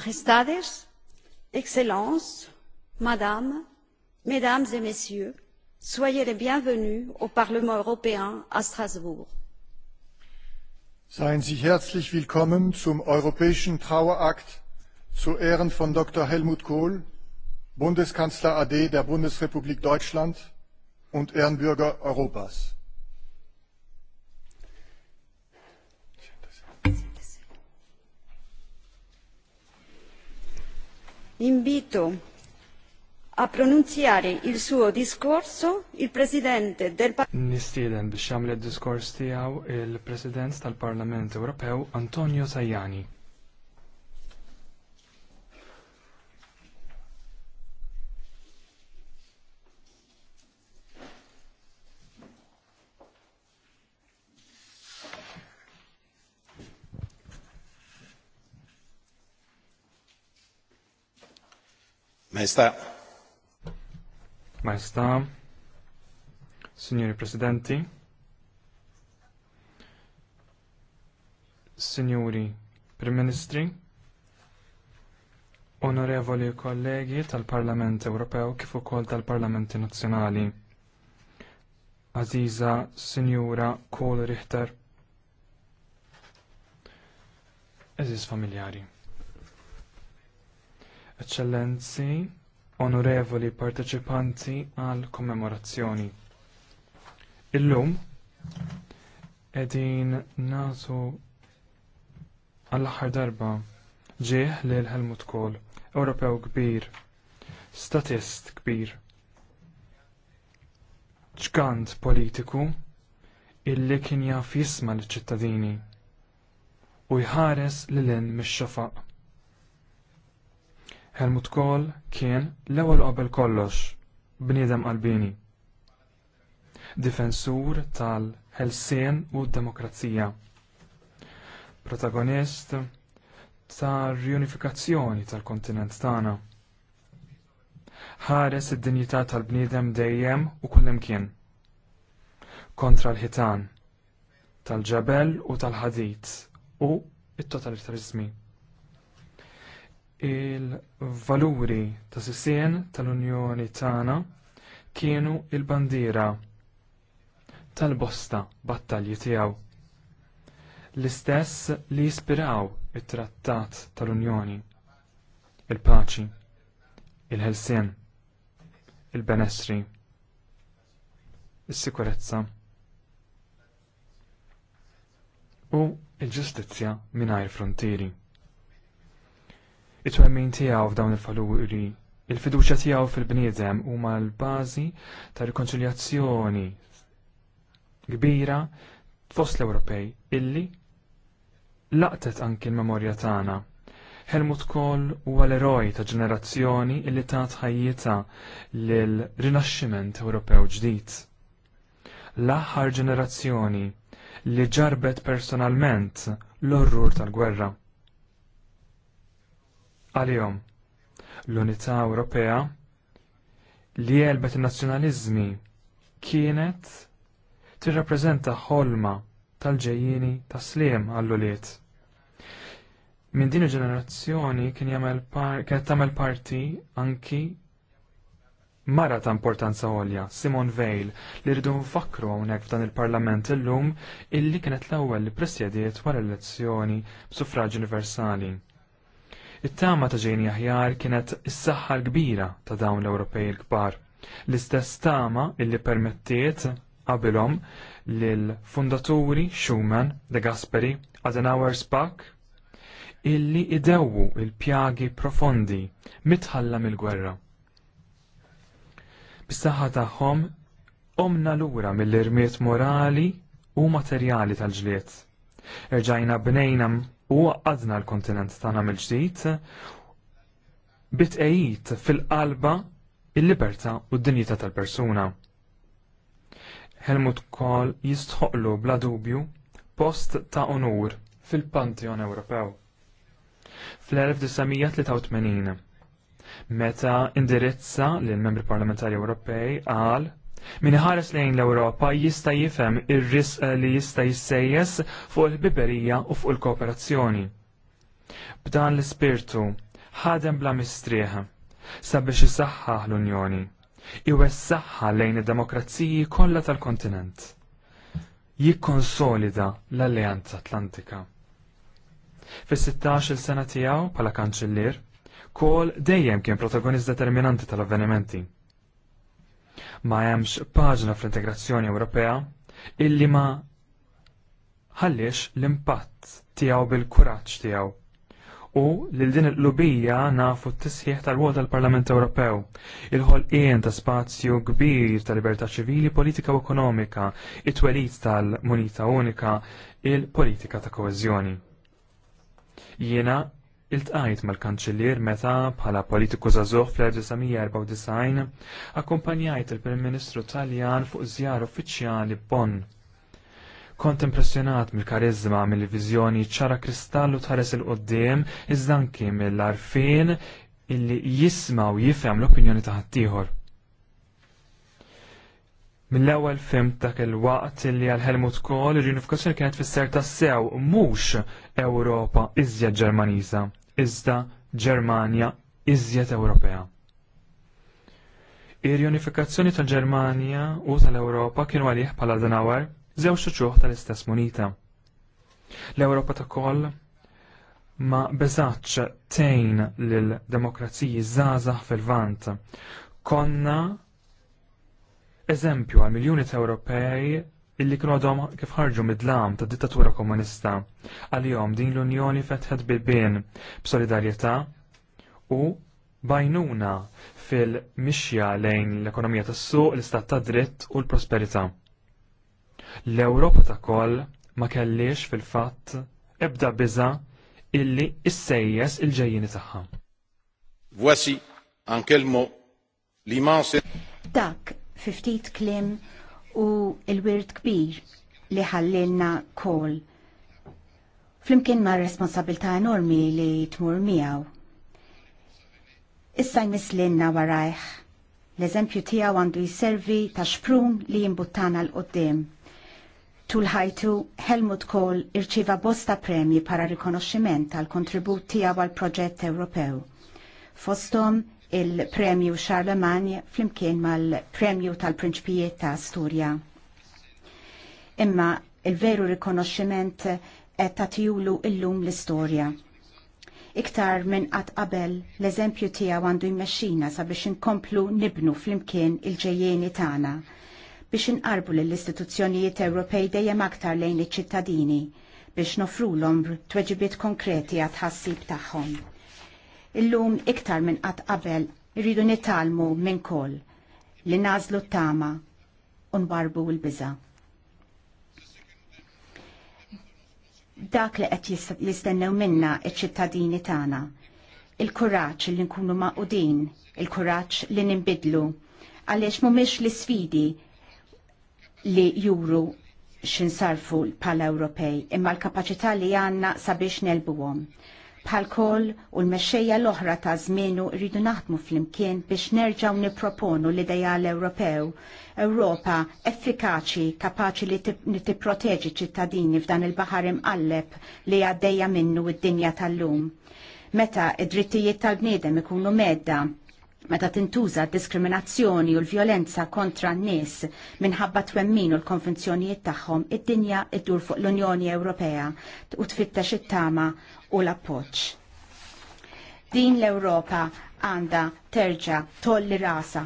Majestades, Excellences, Madame, Mesdames et Messieurs, soyez les bienvenus au Parlement européen à Strasbourg. Seien Sie herzlich willkommen zum Europäischen Trauerakt zu Ehren von Dr. Helmut Kohl, Bundeskanzler AD der Bundesrepublik Deutschland und Ehrenbürger Europas. invito a pronunziare il suo discorso il Presidente del Parlamento. biex jagħmel id-diskors tiegħu il-President tal-Parlament Ewropew Antonio Tajani. Maestà. Maestà, signori presidenti, signori prim ministri, onorevoli kollegi tal-Parlament che kif ukoll tal-Parlamenti Nazzjonali. Aziza Signora Kohl Richter. Eżis familjari. Eccellenzi, onorevoli parteċipanti għal kommemorazzjoni. Illum edin nasu għall-aħħar darba ġieħ lil Helmut Kohl, Ewropew kbir, statist kbir, ċkant politiku illi kien jaf jisma l-ċittadini u jħares lil-in mix xofaq Helmut Kohl kien l-ewwel qabel kollox bniedem qalbini. Difensur tal-ħelsien u d-demokrazija. Protagonist tal riunifikazzjoni tal-kontinent tagħna. Ħares id-dinjità tal-bniedem dejjem u kullimkien. Kontra l-ħitan tal ġabel u tal-ħadit u it-totalitarizmi il-valuri ta' sissien tal-Unjoni tagħna kienu il-bandiera tal-bosta battalji tiegħu. L-istess li jispiraw it-trattat tal-Unjoni, il-paċi, il-ħelsien, il-benessri, is-sikurezza u il-ġustizzja mingħajr frontieri it-twemmin tiegħu f'dawn il faluri il-fiduċja tiegħu fil-bniedem huma l-bażi ta' rikonċiljazzjoni kbira fost l-Ewropej illi laqtet anki l-memorja tagħna. Helmut Kohl huwa l-eroj ta' ġenerazzjoni illi ta' tħajjita l rinaxximent Ewropew ġdid. L-aħħar ġenerazzjoni li ġarbet personalment l-orrur tal-gwerra għalihom. L-Unità Ewropea li jelbet in-nazzjonaliżmi kienet tirrappreżenta ħolma tal-ġejjini tas-sliem għall-uliet. Minn din il-ġenerazzjoni kien jagħmel kienet tagħmel parti anki mara ta' importanza għolja, Simon Veil, li rridu nfakru hawnhekk f'dan il-Parlament illum illi kienet l-ewwel li presjediet wara l-elezzjoni b'suffraġġ universali. It-tama ta' ġejni aħjar kienet is-saħħa l-kbira ta' dawn l-Ewropej l-kbar. L-istess tama illi permettiet qabilhom lill-fundaturi Schumann, De Gasperi, Adenauer Spack illi idewwu il-pjagi profondi mitħalla mill-gwerra. Bis-saħħa tagħhom omna lura mill-irmiet morali u materjali tal-ġliet. Irġajna bnejna u għadna l-kontinent tagħna ġdijt ġdid bitqejjid fil-qalba il-libertà u d-dinjità tal-persuna. Helmut Kohl jistħoqlu bla dubju post ta' onur fil-Pantheon Ewropew. Fl-1983, meta indirizza l membri parlamentari Ewropej għal Min ħares lejn l-Ewropa jista' jifhem ir-risq li jista' jissejjes fuq il-biberija u fuq il-kooperazzjoni. B'dan l-ispirtu ħadem bla mistrieħ sabiex isaħħaħ l-Unjoni iwessaħħa lejn id-demokraziji kollha tal-kontinent. Jikkonsolida l-Alleanza Atlantika. Fis-16 sena tiegħu bħala kanċellier, kol dejjem kien protagonist determinanti tal-avvenimenti ma hemmx paġna fl-integrazzjoni Ewropea illi ma ħallix l-impatt tiegħu bil-kuraġġ tiegħu. U li din il-lubija nafu t-tisħiħ tal-wol tal-Parlament Ewropew, il-ħolqien ta' spazju kbir ta' libertà ċivili, politika u ekonomika, it-twelit tal-munita unika, il-politika ta' koezjoni. Jiena Iltqajt mal-kanċellier meta bħala politiku żagħżugħ fl-1994 akkumpanjajt il-Prim Ministru Taljan fuq żjar uffiċjali Bonn. Kont impressjonat mill-karizma mill-viżjoni ċara kristallu tħares il-qoddim iżda anki mill-arfin illi jisma u jifhem l-opinjoni ta' ħaddieħor. Mill-ewwel fim dak il-waqt illi għal Helmut Kohl ir-unifikazzjoni kienet fis-ser tas-sew mhux Ewropa iżjed Ġermaniża iżda Ġermanja iżjed Ewropea. Ir-unifikazzjoni tal-Ġermanja u tal-Ewropa kienu għalih bħala danawar żewġ xuċuħ tal-istess munita. L-Ewropa ta' koll ma beżaċ tejn lill demokraziji żgħażagħ fil-vant. Konna eżempju għal miljuni ta' Ewropej illi knodhom kif ħarġu mid-dlam ta' dittatura komunista. Għal-jom din l-Unjoni fetħet bibien b'solidarjetà u bajnuna fil-mixja lejn l-ekonomija tas-suq, l-istat ta' dritt u l-prosperità. L-Ewropa ta' koll ma kellix fil-fatt ebda biża illi issejjes il-ġejjini tagħha. Voici l-mo l-immense. Dak, fiftit klim u il-wirt kbir li ħallilna kol. Flimkien ma' responsabilta' enormi li tmur miegħu. Issa jmislinna warajħ. L-eżempju tiegħu għandu jiservi ta' xprun li jimbuttana l-qoddim. Tul ħajtu Helmut Kohl irċiva bosta premji para rikonoxximent tal kontribut tiegħu għal proġett Ewropew. Fostom il-premju Charlemagne flimkien mal-premju tal-prinċpijiet ta' Asturja. Imma il-veru rikonoxximent ta' tijulu illum l-istorja. Iktar minn qatt qabel l-eżempju tiegħu għandu jmexxina sabiex inkomplu nibnu flimkien il-ġejjeni tagħna biex inqarbu lill-istituzzjonijiet Ewropej dejjem aktar lejn iċ-ċittadini biex nofrulhom tweġibiet konkreti għat ħassib tagħhom. Illum iktar minn qatt qabel irridu nitalmu minn koll li nażlu t-tama u nbarbu l-biża. Dak li qed jistennew minna iċ-ċittadini tagħna. Il-kuraġġ li nkunu maqudin, il-kuraġġ li nimbidlu, għaliex mhumiex l isfidi li juru xinsarfu pala Ewropej imma l kapaċità li għandna sabiex nelbuhom bħal kol u l-mexxejja l-oħra ta' żmienu rridu naħdmu fl-imkien biex nerġgħu nipproponu l-idejal Ewropew, Ewropa effikaċi kapaċi li tipproteġi ċittadini f'dan il-baħar imqalleb li għaddejja minnu id-dinja tal-lum. Meta id-drittijiet tal-bniedem ikunu medda, meta tintuża diskriminazzjoni u l-vjolenza kontra n-nies minħabba twemmin u l-konvenzjonijiet tagħhom, id-dinja iddur fuq l-Unjoni Ewropea u tfittex it-tama u l-appoġġ. Din l-Ewropa għandha terġa' tolli rasa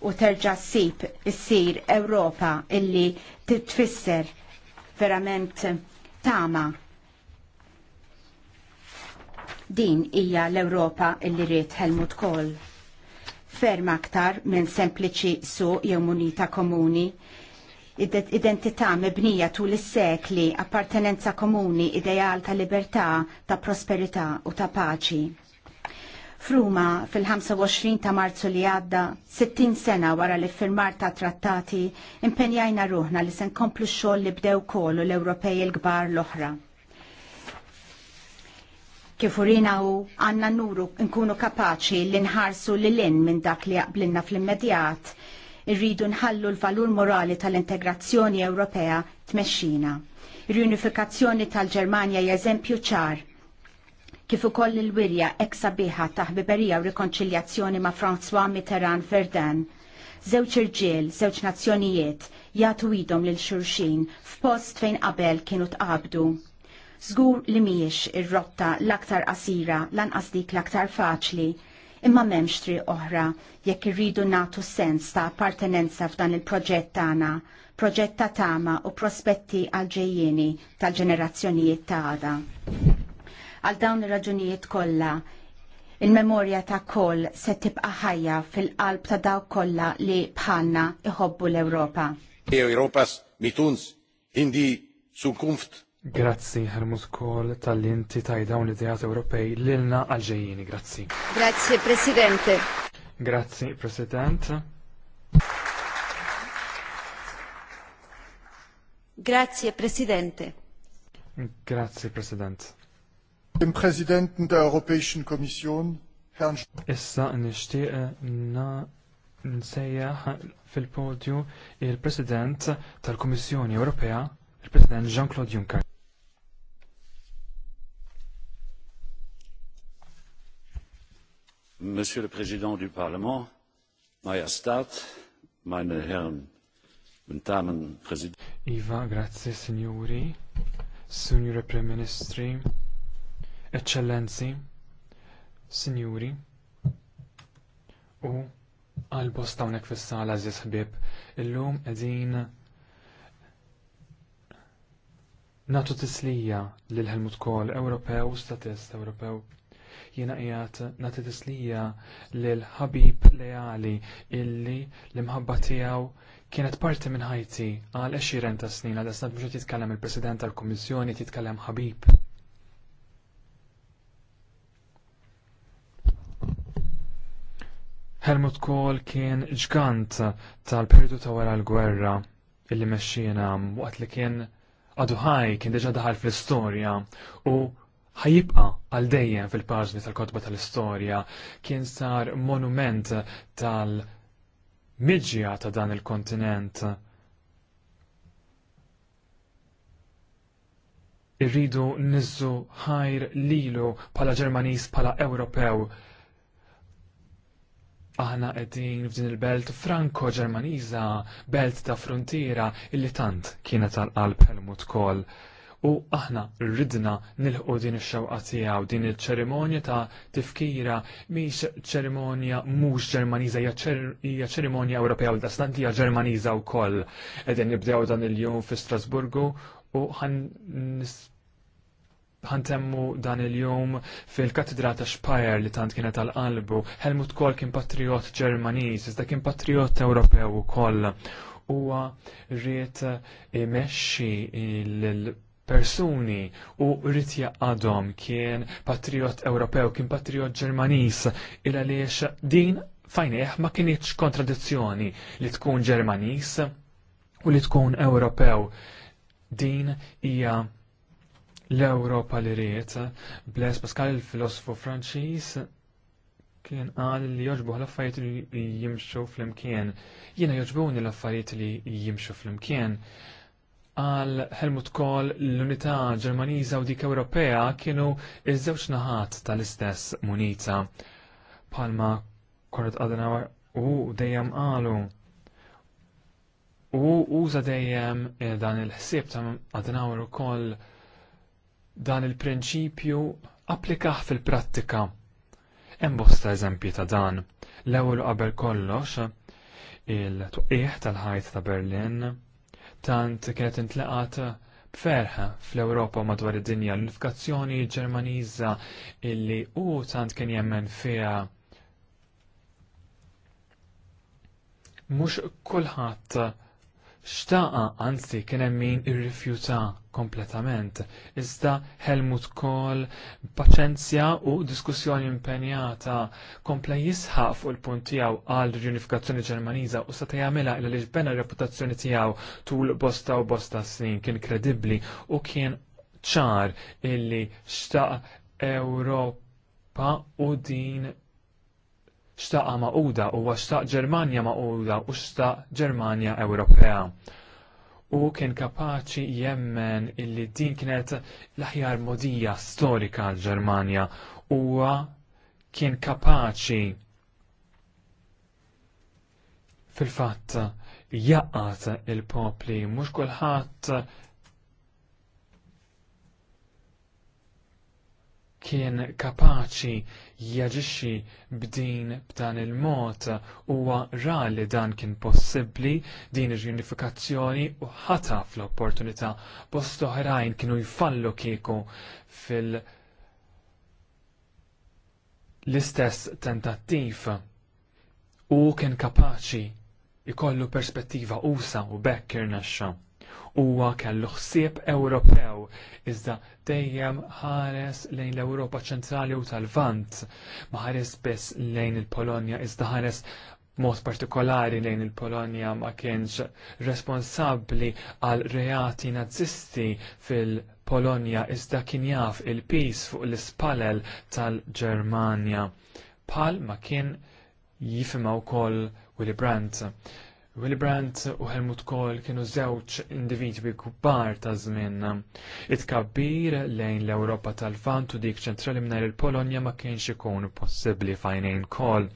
u terġa' ssib issir Ewropa illi titfisser verament tama din hija l-Ewropa illi ried Helmut Kohl ferm aktar minn sempliċi su jew munita komuni. Identità mibnija tul is-sekli, appartenenza komuni, ideal ta' libertà, ta' prosperità u ta' paċi. Fruma fil-25 ta' marzu li għadda, 60 sena wara li firmar ta' trattati, impenjajna ruħna li sen komplu xoll li bdew kollu l-Ewropej il-gbar l-oħra kif urina u għanna nuru nkunu kapaċi li nħarsu li l-in minn dak li jaqblinna fl-immedjat, irridu nħallu l-valur morali tal-integrazzjoni Ewropea tmexxina. Ir-unifikazzjoni tal-Ġermanja jeżempju ċar kif ukoll il-wirja eksabiħa ta' ħbiberija u rikonċiljazzjoni ma' François Mitterrand Verdun żewġ irġiel, żewġ nazzjonijiet jagħtu idhom lil xulxin f'post fejn qabel kienu tqabdu. Zgur li miex ir-rotta l-aktar qasira lanqas dik l-aktar faċli imma memx tri oħra jekk irridu natu sens ta' appartenenza f'dan il-proġett tagħna, proġett ta' tama u prospetti għal ġejjieni tal-ġenerazzjonijiet ta' għada. Għal dawn ir-raġunijiet kollha, il-memorja ta' koll se tibqa' ħajja fil-qalb ta' dawk kollha li bħalna iħobbu l-Ewropa. Europas mituns indi sunkunft Grazzi, Hermus Kohl, tal-inti ta' dawn l ideat Ewropej l-ilna għalġejjini, grazzi. Grazzi, Presidente. Grazzi, President. Grazie, Presidente. Grazie, President. Dem Presidenten der Europäischen Kommission, Herrn Issa nixtieq na nsejjaħ fil-podju il-President tal kommissjoni Ewropea, il-President Jean-Claude Juncker. Monsieur le Président du Parlement, Majestat, meine Herren und Damen Präsidenten. Iva, grazie signori, signore Prime Ministri, Eccellenzi, signori, u għal-bost tawnek fissala zis ħbib, illum edin natu tislija lil ħelmut Kohl, Ewropew, statist Ewropew, Jiena qiegħed nagħti tislija lil ħabib leali illi l-imħabba tiegħu kienet parti minn ħajti għal 20 ta' snin għal snad mhux jitkellem il-President tal-Kummissjoni jitkellem ħabib. Helmut Kohl kien ġgant tal-periodu ta' wara l-gwerra illi mexxina waqt li kien għadu ħaj kien deġa daħal fl-istorja u ħajibqa għal dejjem fil-paġni tal-kotba tal-istorja kien sar monument tal-miġja ta' dan il-kontinent. Irridu nizzu ħajr lilu pala Ġermanis pala Ewropew. Aħna qegħdin f'din il-belt franko-Ġermaniża, belt ta' frontiera illi tant kienet tal qalb Helmut Kohl u aħna rridna nilħqu din ix-xewqa tiegħu din iċ-ċerimonja ta' tifkira mhix ċerimonja mhux Ġermaniża hija ċerimonja Ewropea u dastant hija Ġermaniża wkoll. Qegħdin nibdew dan il-jum fi Strasburgu u ħantemmu dan il-jum fil-katedra ta' Speyer li tant kienet tal-qalbu. Helmut Kohl kien patriot Ġermaniż, iżda kien patriot Ewropew ukoll huwa rrid imexxi l persuni u rrit għadhom kien patriot Ewropew, kien patriot Ġermanis, il għaliex din fajneħ ma kienieċ kontradizzjoni li tkun Ġermanis u li tkun Ewropew. Din hija l-Ewropa li riet. Blaise Pascal, il-filosofu Franċiż, kien qal li joġbuħ l-affarijiet li jimxu fl-imkien. Jiena joġbuni l-affarijiet li jimxu fl-imkien għal Helmut Kohl l-unità Ġermaniża u dik Ewropea kienu iż-żewġ naħat tal-istess munita. Palma Konrad Adenauer u dejjem qalu u uża dejjem eh, dan il-ħsieb ta' Adenauer ukoll dan il-prinċipju applikaħ fil-prattika. Hemm bosta eżempji ta' dan. L-ewwel qabel kollox il-tuqieħ tal-ħajt ta' Berlin tant kienet intlaqat b'ferħa fl-Ewropa madwar id-dinja l-unifikazzjoni ġermaniża illi u tant kien jemmen fiha mhux kulħadd xtaqa anzi kien hemm min irrifjuta kompletament. Iżda Helmut Kohl paċenzja u diskussjoni impenjata kompla jisħaq fuq il-punt tiegħu għal riunifikazzjoni Ġermaniża u seta jagħmilha il l ġbena reputazzjoni tiegħu tul bosta u bosta snin kien kredibbli u kien ċar illi xtaq Ewropa u din xtaqa maquda huwa xtaq Ġermanja maquda u xtaq Ġermanja Ewropea. U kien kapaċi jemmen illi din kienet l-aħjar modija storika l-Ġermanja huwa kien kapaċi fil-fatt jaqqat il-popli mhux kulħadd kien kapaċi jaġixxi b'din b'dan il-mod huwa rali dan kien possibbli din ir-unifikazzjoni u ħata fl-opportunità bost oħrajn kienu jfallu kieku fil- l-istess tentattiv u kien kapaċi jkollu perspettiva usa u bekk irnexxa huwa kellu ħsieb Ewropew iżda dejjem ħares lejn l-Ewropa ċentrali u tal-Vant. Ma ħares biss lejn il-Polonja iżda ħares mod partikolari lejn il-Polonja ma kienx responsabbli għal reati nazisti fil-Polonja iżda kien jaf il-pis fuq l-ispalel tal-Ġermanja. Pal ma kien jifimaw wkoll Willy Brandt. Willy Brandt u Helmut Kohl kienu żewġ individwi kbar ta' żmien. It-kabbir lejn l-Ewropa tal-Vant u dik ċentrali mingħajr il-Polonja ma kienx ikun possibbli fajnejn Kohl.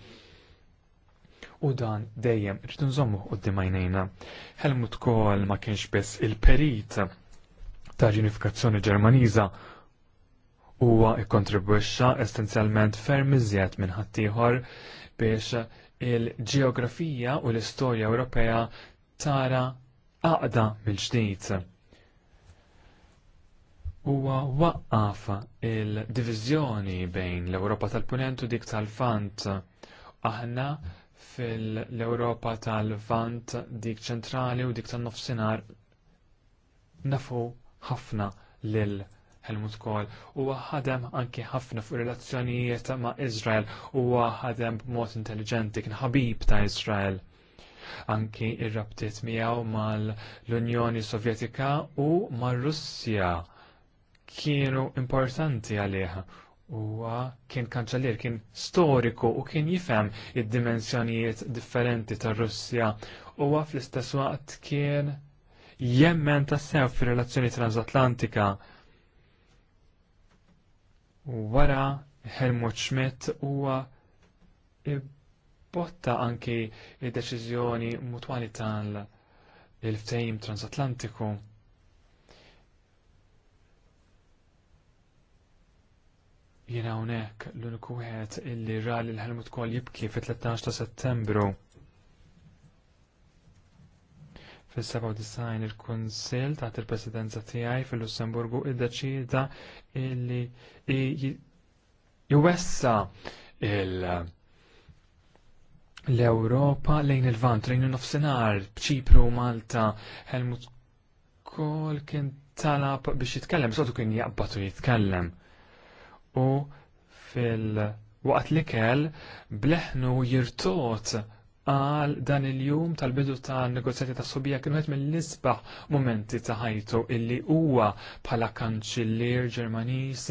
U dan dejjem rridu nżommu quddiem għajnejna. Helmut Kohl ma kienx biss il-perit tal-Unifikazzjoni Ġermaniża huwa ikkontribwixxa essenzjalment ferm iżjed minn ħaddieħor biex il-ġeografija u l-istorja Ewropea tara għaqda mill-ġdid. Huwa waqqaf il-diviżjoni bejn l-Ewropa tal-Punent u dik tal-Fant. Aħna fil-Ewropa tal-Vant dik ċentrali u dik tan-nofsinhar nafu ħafna lil Helmut Kohl huwa ħadem anki ħafna fuq relazzjonijiet ma' Izrael huwa ħadem b'mod intelligenti kien ħabib ta' Izrael anki ir-rabtiet miegħu mal-Unjoni Sovjetika u mar-Russja kienu importanti għalih huwa kien kanċellier, kien storiku u kien jifhem id-dimensjonijiet differenti tar-Russja. Huwa fl-istess waqt kien jemmen tassew fir-relazzjoni transatlantika U wara Helmut Schmidt huwa botta anki il deċiżjoni mutwali tal il-ftehim transatlantiku. Jena hawnhekk l unikuħet wieħed illi rali l Helmut Kol jibki fit-13 ta' Settembru. Fis-97 il-Kunsill taħt il-Presidenza tiegħi fil-Lussemburgu iddeċida illi jwessa l-Ewropa lejn il-vant, lejn il-nofsinhar, b'Ċipru, Malta, Helmut Kohl kien talab biex jitkellem, sotu kien jaqbatu jitkellem. U fil-waqt li kell bleħnu jirtot għal dan il-jum tal-bidu ta' negozjati ta' subija kienu għet mill-isbaħ momenti ta' ħajtu illi huwa bħala kanċillier Ġermanis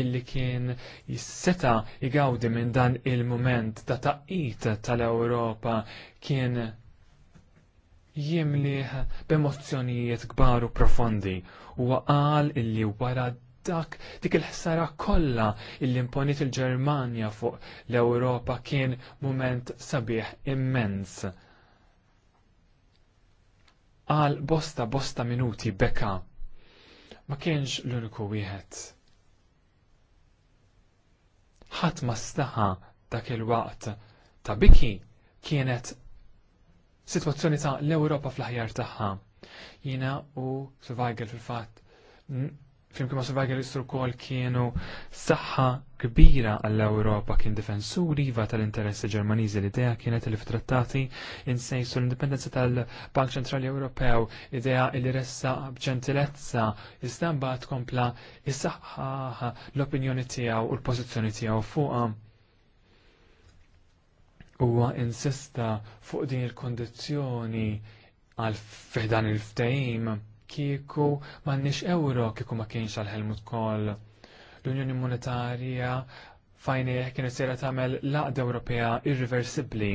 illi kien jisseta jgawdi minn dan il-moment ta' taqit tal-Ewropa kien jimliħ b'emozzjonijiet kbar u profondi u għal illi wara dak dik il-ħsara kollha illi imponiet il-Ġermanja fuq l-Ewropa kien mument sabiħ immens. Għal bosta bosta minuti beka ma kienx l-uniku wieħed. Ħadd ma staħa dak il-waqt ta' biki kienet situazzjoni ta' l-Ewropa fl-ħjar tagħha. Jiena u Survival fil-fatt flimkien ma' Svagelister kol kienu saħħa kbira għall-Ewropa kien difensuri va tal-interessi Ġermaniżi l-idea kienet li f'trattati insejsu l-indipendenza tal-Bank Ċentrali Ewropew, idea li ressa b'ċentilezza istamba tkompla kompla isaħħaħ l-opinjoni tiegħu u l-pożizzjoni tiegħu fuqha. Huwa insista fuq din il kondizjoni għal fiħdan il-ftehim kieku m'għandniex euro kieku ma kienx għal Helmut Kohl. L-Unjoni Monetarja fajnieħ kienet sejra tagħmel laqda Ewropea irreversibli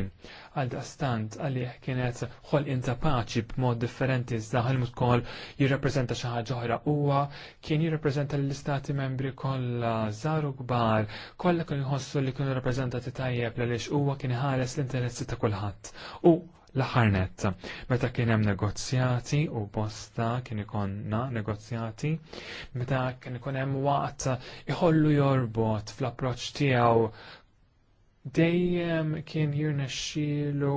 għal daqstant għalih kienet xol inta paċi b'mod differenti iżda Helmut Kohl jirrappreżenta xi ħaġa oħra huwa kien jirrappreżenta l-istati membri kollha żaru kbar kollha kienu jħossu li kienu rappreżentati tajjeb għaliex huwa kien ħares l-interessi ta' kulħadd. U l-ħarnet. Meta kien hemm negozjati u bosta kien ikonna negozjati, meta kien ikun hemm waqt iħollu jorbot fl-approċċ tiegħu dejjem kien jirnexxielu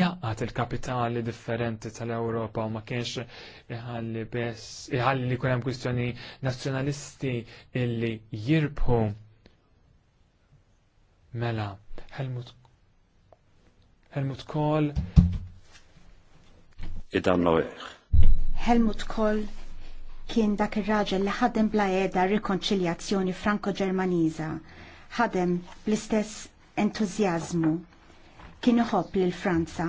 jaqat il-kapitali differenti tal-Ewropa u ma kienx iħalli bess iħalli li hemm kwistjoni nazzjonalisti illi jirbħu. Mela, Helmut Helmut Kohl. Idan Noer. Helmut Kohl kien dak ir-raġel li ħadem bla edha rikonċiljazzjoni franko-ġermaniża. Ħadem bl-istess entużjażmu. Kien iħobb lil Franza,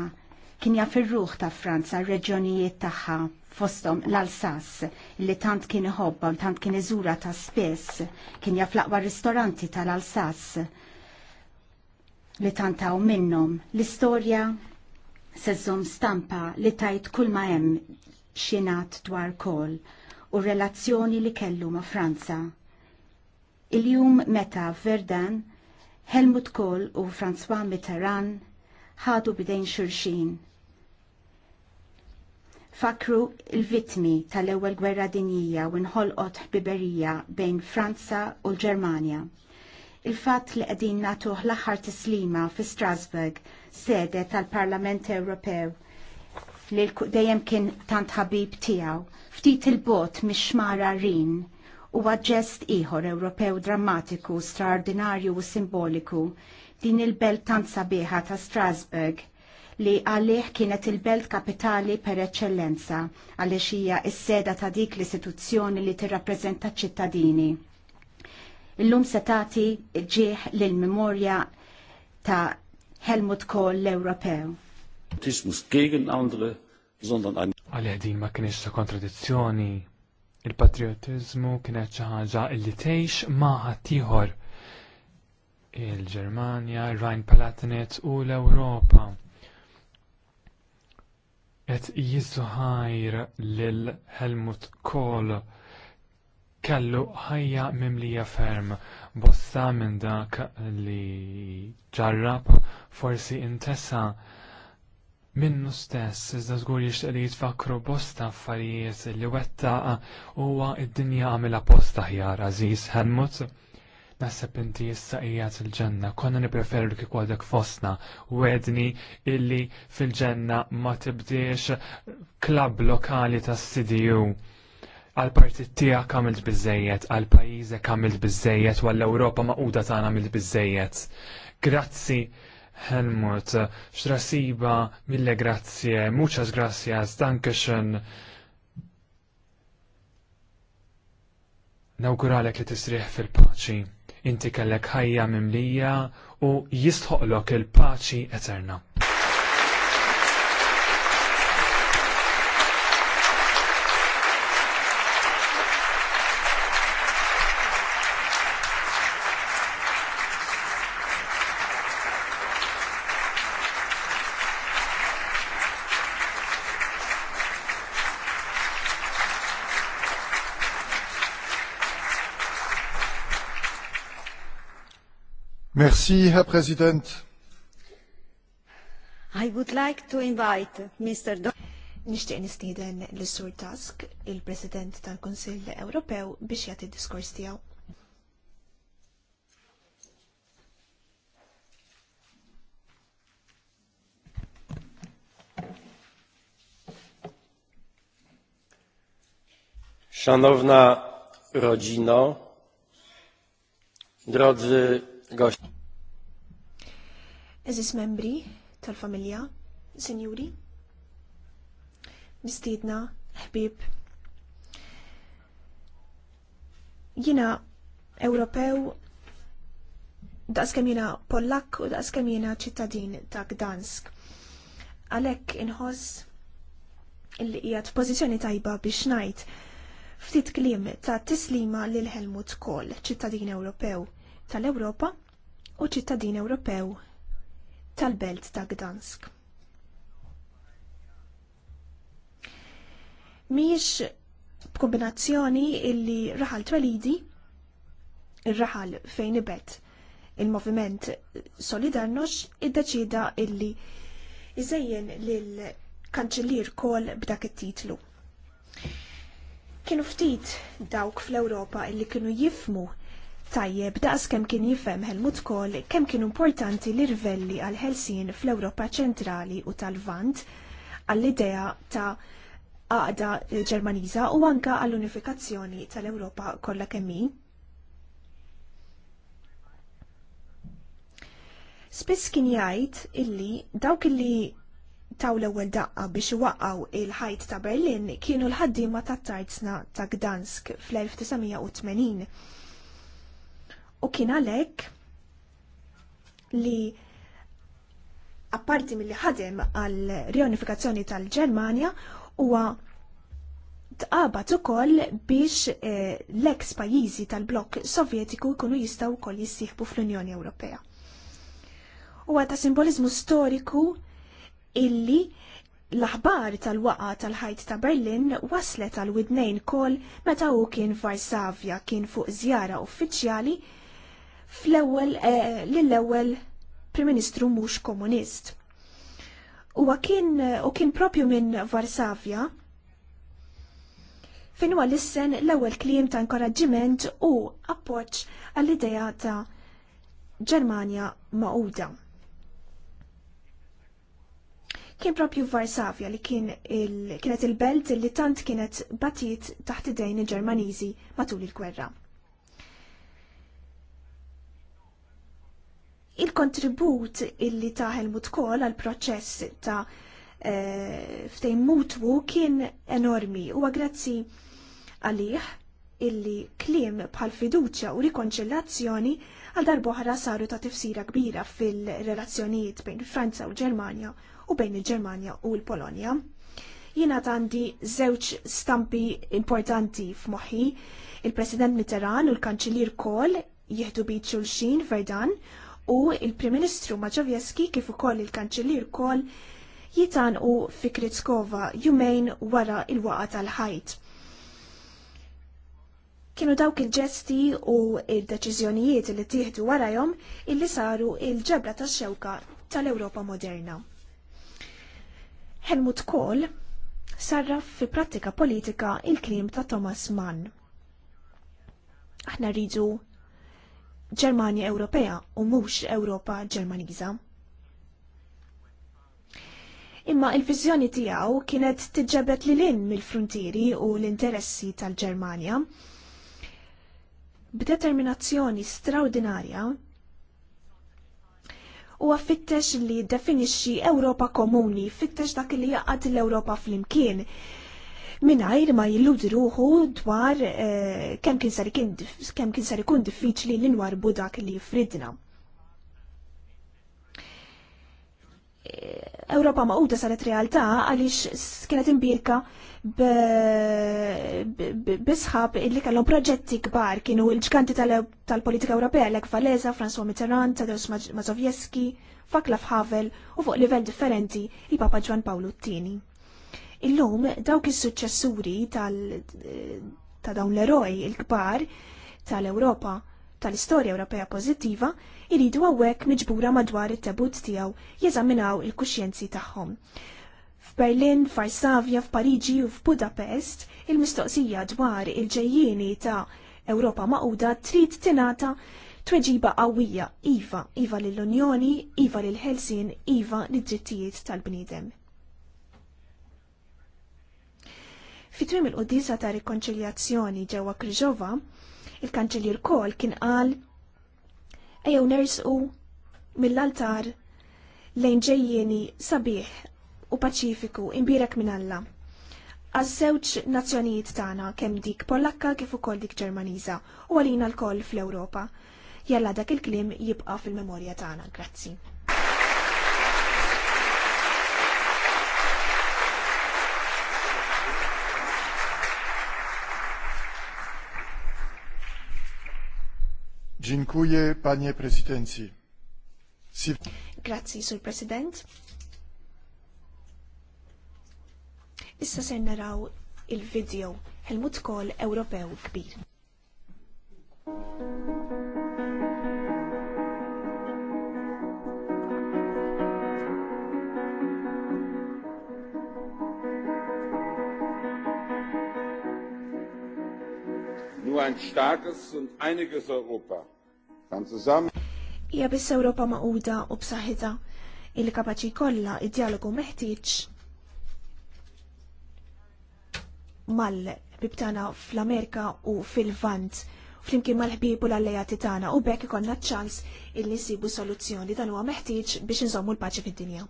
kien jaf ir-ruħ ta' Franza, r-reġjonijiet tagħha fostom l-Alsas li tant kien iħobba tant kien iżura ta' spess, kien jaf l-aqwa ristoranti tal-Alsas li tantaw minnom. L-istorja sezzom stampa li tajt kull ma hemm xinat dwar kol u relazzjoni li kellu ma' Franza. Il-jum meta Verdan, Helmut Kohl u François Mitterrand ħadu bidejn xurxin. Fakru il-vitmi tal-ewwel gwerra dinjija u nħolqot ħbiberija bejn Franza u l-Ġermanja il-fat li qegħdin natuħ l-aħħar tislima fi Strasbourg, sede tal-Parlament Ewropew li dejjem kien tant ħabib tiegħu, ftit il-bot mix xmara rin u ġest ieħor Ewropew drammatiku, straordinarju u simboliku din il-belt tant sabiħa ta' Strasbourg li għalih kienet il-belt kapitali per eccellenza għaliex hija s-seda ta' dik l-istituzzjoni li tirrappreżenta ċittadini Illum se tagħti ġieħ lill-memorja ta' Helmut Kohl l-Ewropew. Tismus gegen sondern Għal-ħedin ma kienx ta' kontradizzjoni. Il-patriotizmu kienet xi ħaġa li tgħix ma' ieħor il-Ġermanja, il-Rajn Palatinet u l-Ewropa. Et jizzuħajr lil Helmut Kohl kellu ħajja mimlija ferm, bossa minn dak li ġarrab forsi intesa minnu stess, iżda żgur jixtieq li jitfakru bosta affarijiet li wettaq huwa id-dinja għamilha posta ħjar Aziz Helmut. Naħseb inti issa qiegħed il-ġenna, konna nippreferu kif għadek fostna, wedni illi fil-ġenna ma tibdiex klabb lokali tas-CDU għal partit tiegħek għamilt biżżejjed għal pajjiżek għamilt u għall Ewropa maquda tagħna għamilt biżejjed. Grazzi Helmut, xtrasiba, mille grazzie, muchas gracias, dankeschön. Nawguralek li tisriħ fil-paċi. Inti kellek ħajja mimlija u jistħoqlok il-paċi eterna. Merci, Herr Präsident. I would like to invite Mr. Do Nishtiq nistiden l-Sur Tusk, il-President tal konsil Ewropew, biex jagħti diskors tijaw. Szanowna rodzino, drodzy Gosh. Eżis membri tal-familja, senjuri, mistidna, ħbib. Jina Ewropew daqskem Pollak u daqskem ċittadin ta' Gdansk. Għalek inħoss li qiegħed pożizzjoni tajba biex ngħid ftit kliem ta' tislima lil Helmut Kohl, ċittadin Ewropew tal-Ewropa u ċittadin Ewropew tal-Belt ta' Gdansk. Miex b'kombinazzjoni illi raħal twelidi, il-raħal fejn ibet il-moviment Solidarnox id-deċida illi jizejjen lil-kanċellir kol b'dak it-titlu. Kienu ftit dawk fl-Ewropa illi kienu jifmu Tajjeb, daqs kem kien jifem Helmut Kohl kem kien importanti li rivelli għal ħelsien fl-Ewropa ċentrali u tal-Vant għall-idea ta' għaqda ġermaniza u anka għall-unifikazzjoni tal-Ewropa kollha kemmi. Spiss kien jgħid illi dawk illi taw l-ewwel daqqa biex waqgħu il-ħajt ta' Berlin kienu l-ħaddiema tat tarzna ta' Gdansk fl-1980 U kien għalhekk li apparti mill-li ħadem għal rionifikazzjoni tal-Ġermanja huwa tqabat ukoll biex eh, l-eks pajjiżi tal-blokk Sovjetiku jkunu jistgħu wkoll jissieħbu fl-Unjoni Ewropea. Huwa ta' simbolizmu storiku illi l-aħbar tal-waqa tal-ħajt ta' Berlin waslet għal widnejn kol meta hu kien Varsavja kien fuq żjara uffiċjali fl-ewwel eh, lill-ewwel Prim Ministru mhux komunist. Huwa kien eh, u kien propju minn Varsavja fejn huwa lissen l-ewwel kliem ta' inkoraġġiment u appoġġ għall-idea ta' Ġermanja Mauda kien propju Varsavja li kien il, kienet il-belt li tant kienet batit taħt idejn il-Ġermaniżi matul il-gwerra. Il-kontribut illi ta' Helmut Kohl għal proċess ta' eh, ftejn mutwu kien enormi u għagrazzi għalih illi kliem bħal fiduċja u rikonċillazzjoni għal darboħra saru ta' tifsira kbira fil-relazzjonijiet bejn Franza u Ġermanja u bejn il-Ġermanja u l-Polonja. Jiena tandi żewġ stampi importanti f'moħħi, il-President Mitterrand u l-Kanċilier Kohl jieħdu bit xulxin Verdan u il-Prim Ministru Maġovjeski kif ukoll il-Kanċellier Koll jitan fi Fikritskova jumejn wara il-waqa tal-ħajt. Kienu dawk il-ġesti u il-deċiżjonijiet li tieħdu warajhom illi saru il-ġebra tax-xewka tal-Ewropa moderna. Helmut Kohl sarraf fi prattika politika il-klim ta' Thomas Mann. Aħna rridu Ġermanja Ewropea u mhux Ewropa Ġermaniża. Imma il-viżjoni tiegħu kienet tiġebet li lin mill-frontieri u l-interessi tal-Ġermanja. B'determinazzjoni straordinarja u għaffittex li definixxi Ewropa komuni, fittex dak li jaqgħad l-Ewropa flimkien, Minnajr ma jilludi ruħu dwar eh, kemm kien sar ikun diffiċli li nwarbu dak li jifridna. Eh, Ewropa maquda saret realtà għaliex kienet imbirka bisħab illi kellhom proġetti kbar kienu l-ġkanti tal-politika Ewropea l Valeza, François Mitterrand, Tadeusz Mazowiecki, Faklaf Havel u fuq livell differenti il-Papa Ġwan Pawlu t Illum dawk is-suċċessuri ta' dawn l-eroj il-kbar tal-Ewropa tal-istorja Ewropea pożittiva iridu għawek miġbura madwar it-tabut tiegħu jeżaminaw il-kuxjenzi tagħhom. F'Berlin, f'Varsavja, f'Pariġi u f'Budapest, il-mistoqsija dwar il-ġejjieni ta' Ewropa maquda trid tingħata tweġiba qawwija iva, iva lill-Unjoni, iva lill-Helsin, iva lid-drittijiet tal-bniedem. Fitwim il-qudisa ta' rikonċiljazzjoni ġewwa Kriġova, il-kanċelier Kol kien qal ejjew nersqu mill-altar lejn ġejjieni sabiħ u paċifiku imbirek minn Alla. Għaż-żewġ nazzjonijiet tagħna kemm dik Pollakka kif ukoll dik Ġermaniża u għalina l-koll fl-Ewropa. Jalla dak il-klim jibqa' fil-memorja tagħna. Grazzi. Dziękuję, panie prezydencji. Si... Grazie, sur prezydent. Issa se naraw il-video Helmut Kohl Ewropew kbir. Nur ein starkes und einiges Europa Hija biss Ewropa maquda u b'saħħitha illi kapaċi jkollha id-dialogu meħtieġ mal-ħbib tagħna fl-Amerika u fil-Vant flimkien mal ħbieb u l-allejati tagħna u bekk ikollna ċans illi nsibu soluzzjoni dan huwa meħtieġ biex inżommu l-paċi fid-dinja.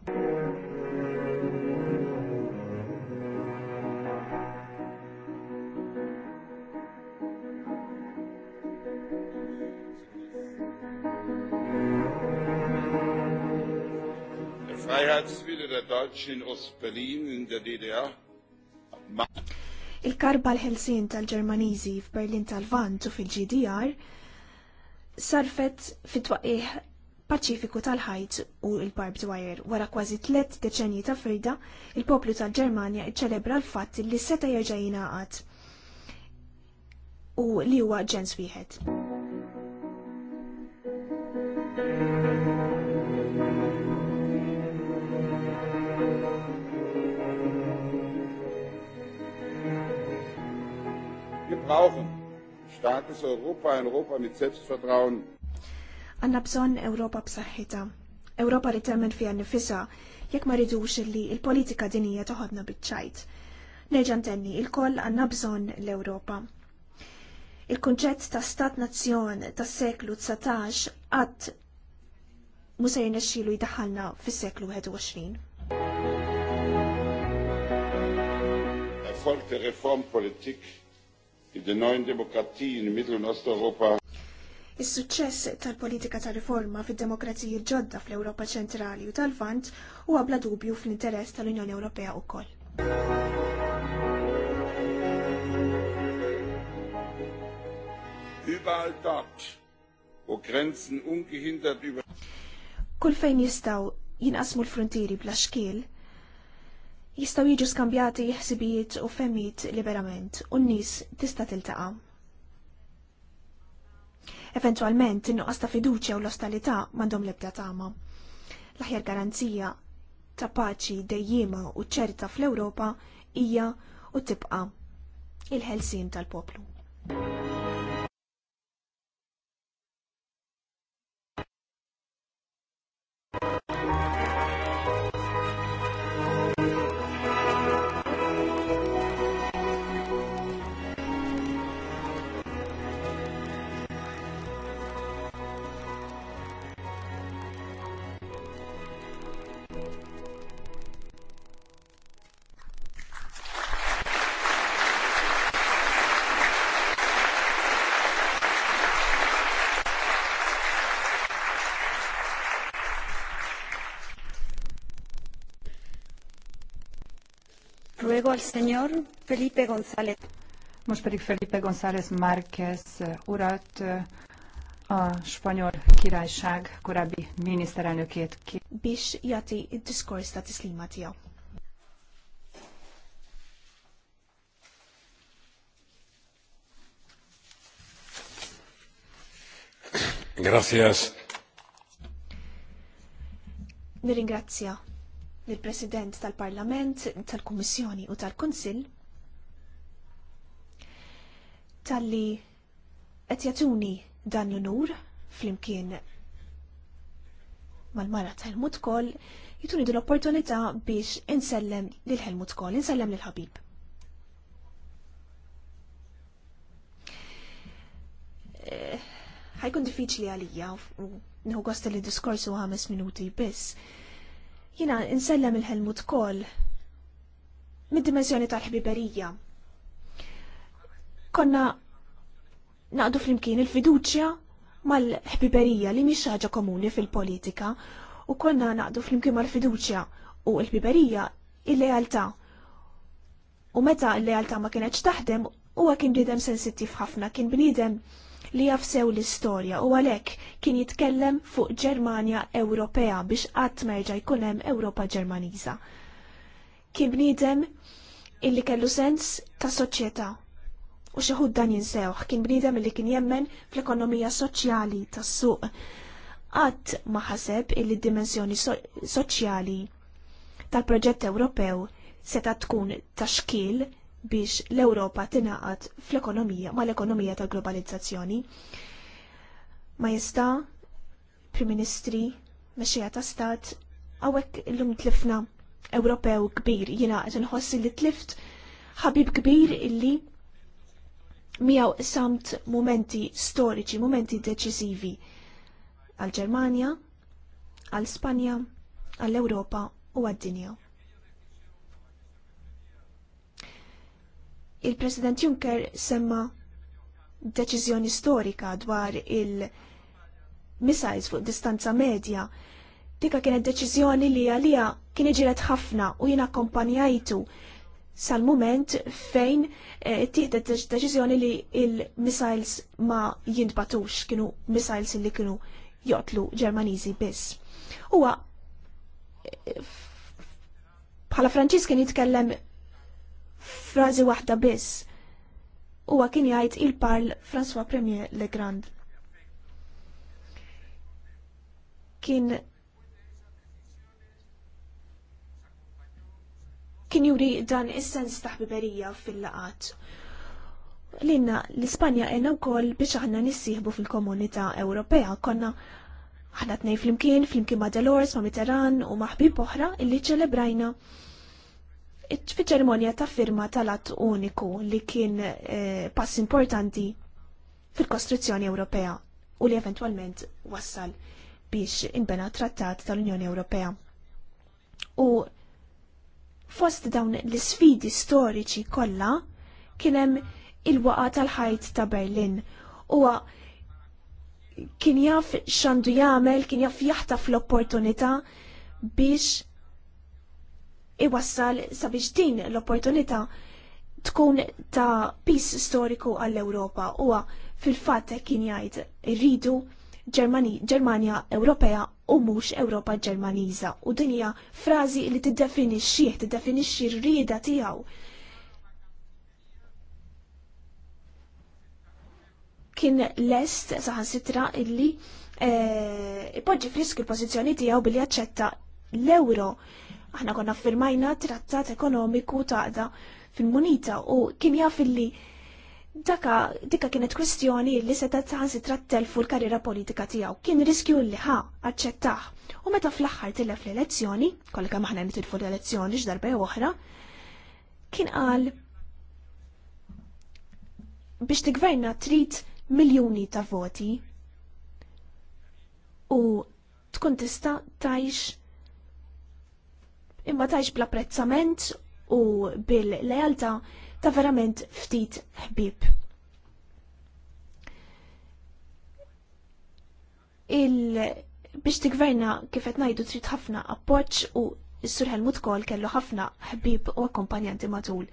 Il-karba l-ħelsin tal-Ġermaniżi f'Berlin tal-Vant u fil-GDR sarfet fit twaqih paċifiku tal-ħajt u l-barbed wire. Wara kważi tliet deċenji ta' firda, il-poplu tal-Ġermanja iċċelebra l-fatt li seta jerġa' għat u li huwa ġens wieħed. brauchen. Starkes Europa, ein Europa mit Selbstvertrauen. Għanna bżon Europa b'saħħitha. Europa li temmen fija nifisa, jekk ma ridux li il-politika dinija toħodna bitċajt. Neġan tenni, il-koll għanna bżon l-Europa. Il-konċett ta' stat-nazzjon ta' seklu 19 għat musajn nesċilu jidaħalna fis seklu 21. Erfolg der Reformpolitik Is-suċċess tal-politika ta' riforma fid-demokrazija ġodda fl-Ewropa ċentrali u tal-Vant huwa bla dubju fl-interess tal-Unjoni Ewropea wkoll. Überall dort, wo Grenzen ungehindert über Kull fejn jistgħu jinqasmu l-frontieri bla xkiel, jistaw jiġu skambjati ħsibijiet u femmijiet liberament u n-nis tista' tiltaqa. Eventualment, in-nuqqas ta' fiduċja u l-ostalità m'għandhom l-ebda tama. L-aħjar garanzija ta' paċi dejjima u ċerta fl-Ewropa hija u tibqa' il-ħelsien tal-poplu. luego al señor Felipe González. Most pedig Felipe González Márquez urat a spanyol királyság korábbi miniszterelnökét ki. Bis jati diskors ta' tislima tijaw. Gracias. Nirringrazzja lill-President tal-Parlament, tal-Kummissjoni u tal-Kunsill talli qed jagħtuni dan l fl flimkien mal-mara ta' Helmut Kol jituni dil l-opportunità biex insellem lil Helmut kol, insellem lil Ħabib. Eh, ħajkun diffiċli għalija u nħu gost li diskorsu ħames minuti biss Jina insellem il-Helmut Kol mid-dimensjoni tal-ħbiberija. Konna naqdu flimkien il-fiduċja mal-ħbiberija li mhix ħaġa komuni fil-politika u konna naqdu flimkien mal-fiduċja u l-ħbiberija il-lealtà. U meta l-lealtà ma kienx taħdem huwa kien bniedem sensittiv ħafna, kien bniedem li jafsew l-istorja u għalhekk kien jitkellem fuq Ġermanja Ewropea biex qatt merġa' jkun hemm Ewropa Ġermaniża. Kien bniedem illi kellu sens ta' soċjetà u xi dan jinsewħ kien bniedem illi kien jemmen fl-ekonomija soċjali tas-suq. Qatt ma ħaseb illi dimensjoni soċjali tal-proġett Ewropew seta' tkun taxkil biex l-Ewropa tingħaqad fl-ekonomija mal-ekonomija tal-globalizzazzjoni. Ma jista' Prim Ministri, mexxejja ta' Stat, hawnhekk illum tlifna Ewropew kbir jiena qed inħossi li tlift ħabib kbir illi miegħu samt momenti storiċi, momenti deċiżivi għal-Ġermanja, għal-Spanja, għall-Ewropa u għad-dinja. Il-President Juncker semma deċiżjoni storika dwar il missajs fuq distanza medja. Dika kienet deċiżjoni li għalija kien iġiret ħafna u jien kompanjajtu sal-moment fejn eh, tieħdet deċiżjoni li il-missiles ma jintbatux kienu missiles li kienu jotlu Ġermaniżi biss. Huwa eh, bħala Franċis kien jitkellem frażi waħda biss. Huwa kien jgħid il-parl François Premier Legrand. Kien kien juri dan is-sens ta' ħbiberija fil-laqat. Linna l-Ispanja għena wkoll biex aħna nissieħbu fil-Komunità Ewropea konna aħna tnej flimkien, flimkien ma' Delors, ma' Mitterrand u ma' ħbib oħra illi ċelebrajna fi ċerimonja ta' firma tal-att uniku li kien eh, pass importanti fil-kostruzzjoni Ewropea u li eventualment wassal biex inbena trattat tal-Unjoni Ewropea. U fost dawn l-sfidi storiċi kollha kienem il-waqa tal-ħajt ta' Berlin. Huwa kien jaf xandu jagħmel, kien jaf jaħtaf l-opportunità biex iwassal sabiex din l-opportunità tkun ta' pis storiku għall-Ewropa huwa fil-fatt kien jgħid irridu Ġermanja Ewropea u mhux Ewropa Ġermaniża u din hija frażi li tiddefinixxih, tiddefinixxi r-rieda tiegħu. Kien lest saħansitra illi eh, ipoġġi frisk il-pożizzjoni tiegħu billi jaċċetta l-euro Aħna konna firmajna trattat ekonomiku taqda fil-munita u kien jaf li daka kienet kwestjoni li seta taħansi trattel fu l-karriera politika tiegħu. Kien riskju li ħa aċċettaħ. U meta fl-aħħar tilef l-elezzjoni, kollha maħna nitilfu l-elezzjoni x'darba oħra, kien qal biex tigverna trid miljoni ta' voti u tkun tista' tajx imma tajx bl-apprezzament u bil-lealtà ta' verament ftit ħbib. Il biex tikverna kif qed ngħidu trid ħafna appoġġ u s surħel Helmut kellu ħafna ħbib u akkompanjanti matul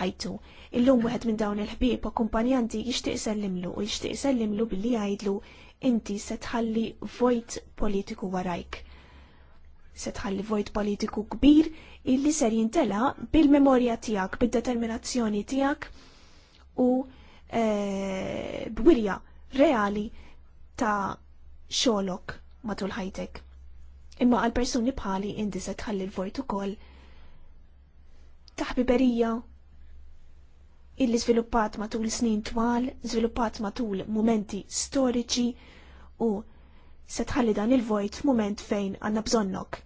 ħajtu. Illum wieħed minn dawn il-ħbieb akkumpanjanti jixtieq sellimlu u jixtieq sellimlu billi jgħidlu inti se tħalli vojt politiku warajk se tħalli vojt politiku kbir illi ser jintela bil-memorja tijak, bil-determinazzjoni tijak u e, b'wirja reali ta' xolok matul ħajtek. Imma għal persuni bħali indi se tħalli l-vojt ukoll taħbiberija illi sviluppat matul snin twal, sviluppat matul momenti storiċi u se tħalli dan il-vojt moment fejn għanna bżonnok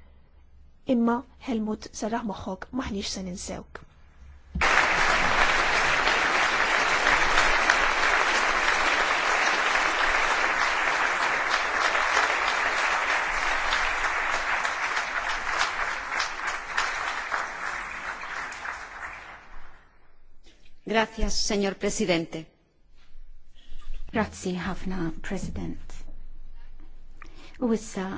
Imma Helmut sarraħ moħħok maħniċ se ninsewk. Gracias, señor presidente. Grazie Hafna, President. U issa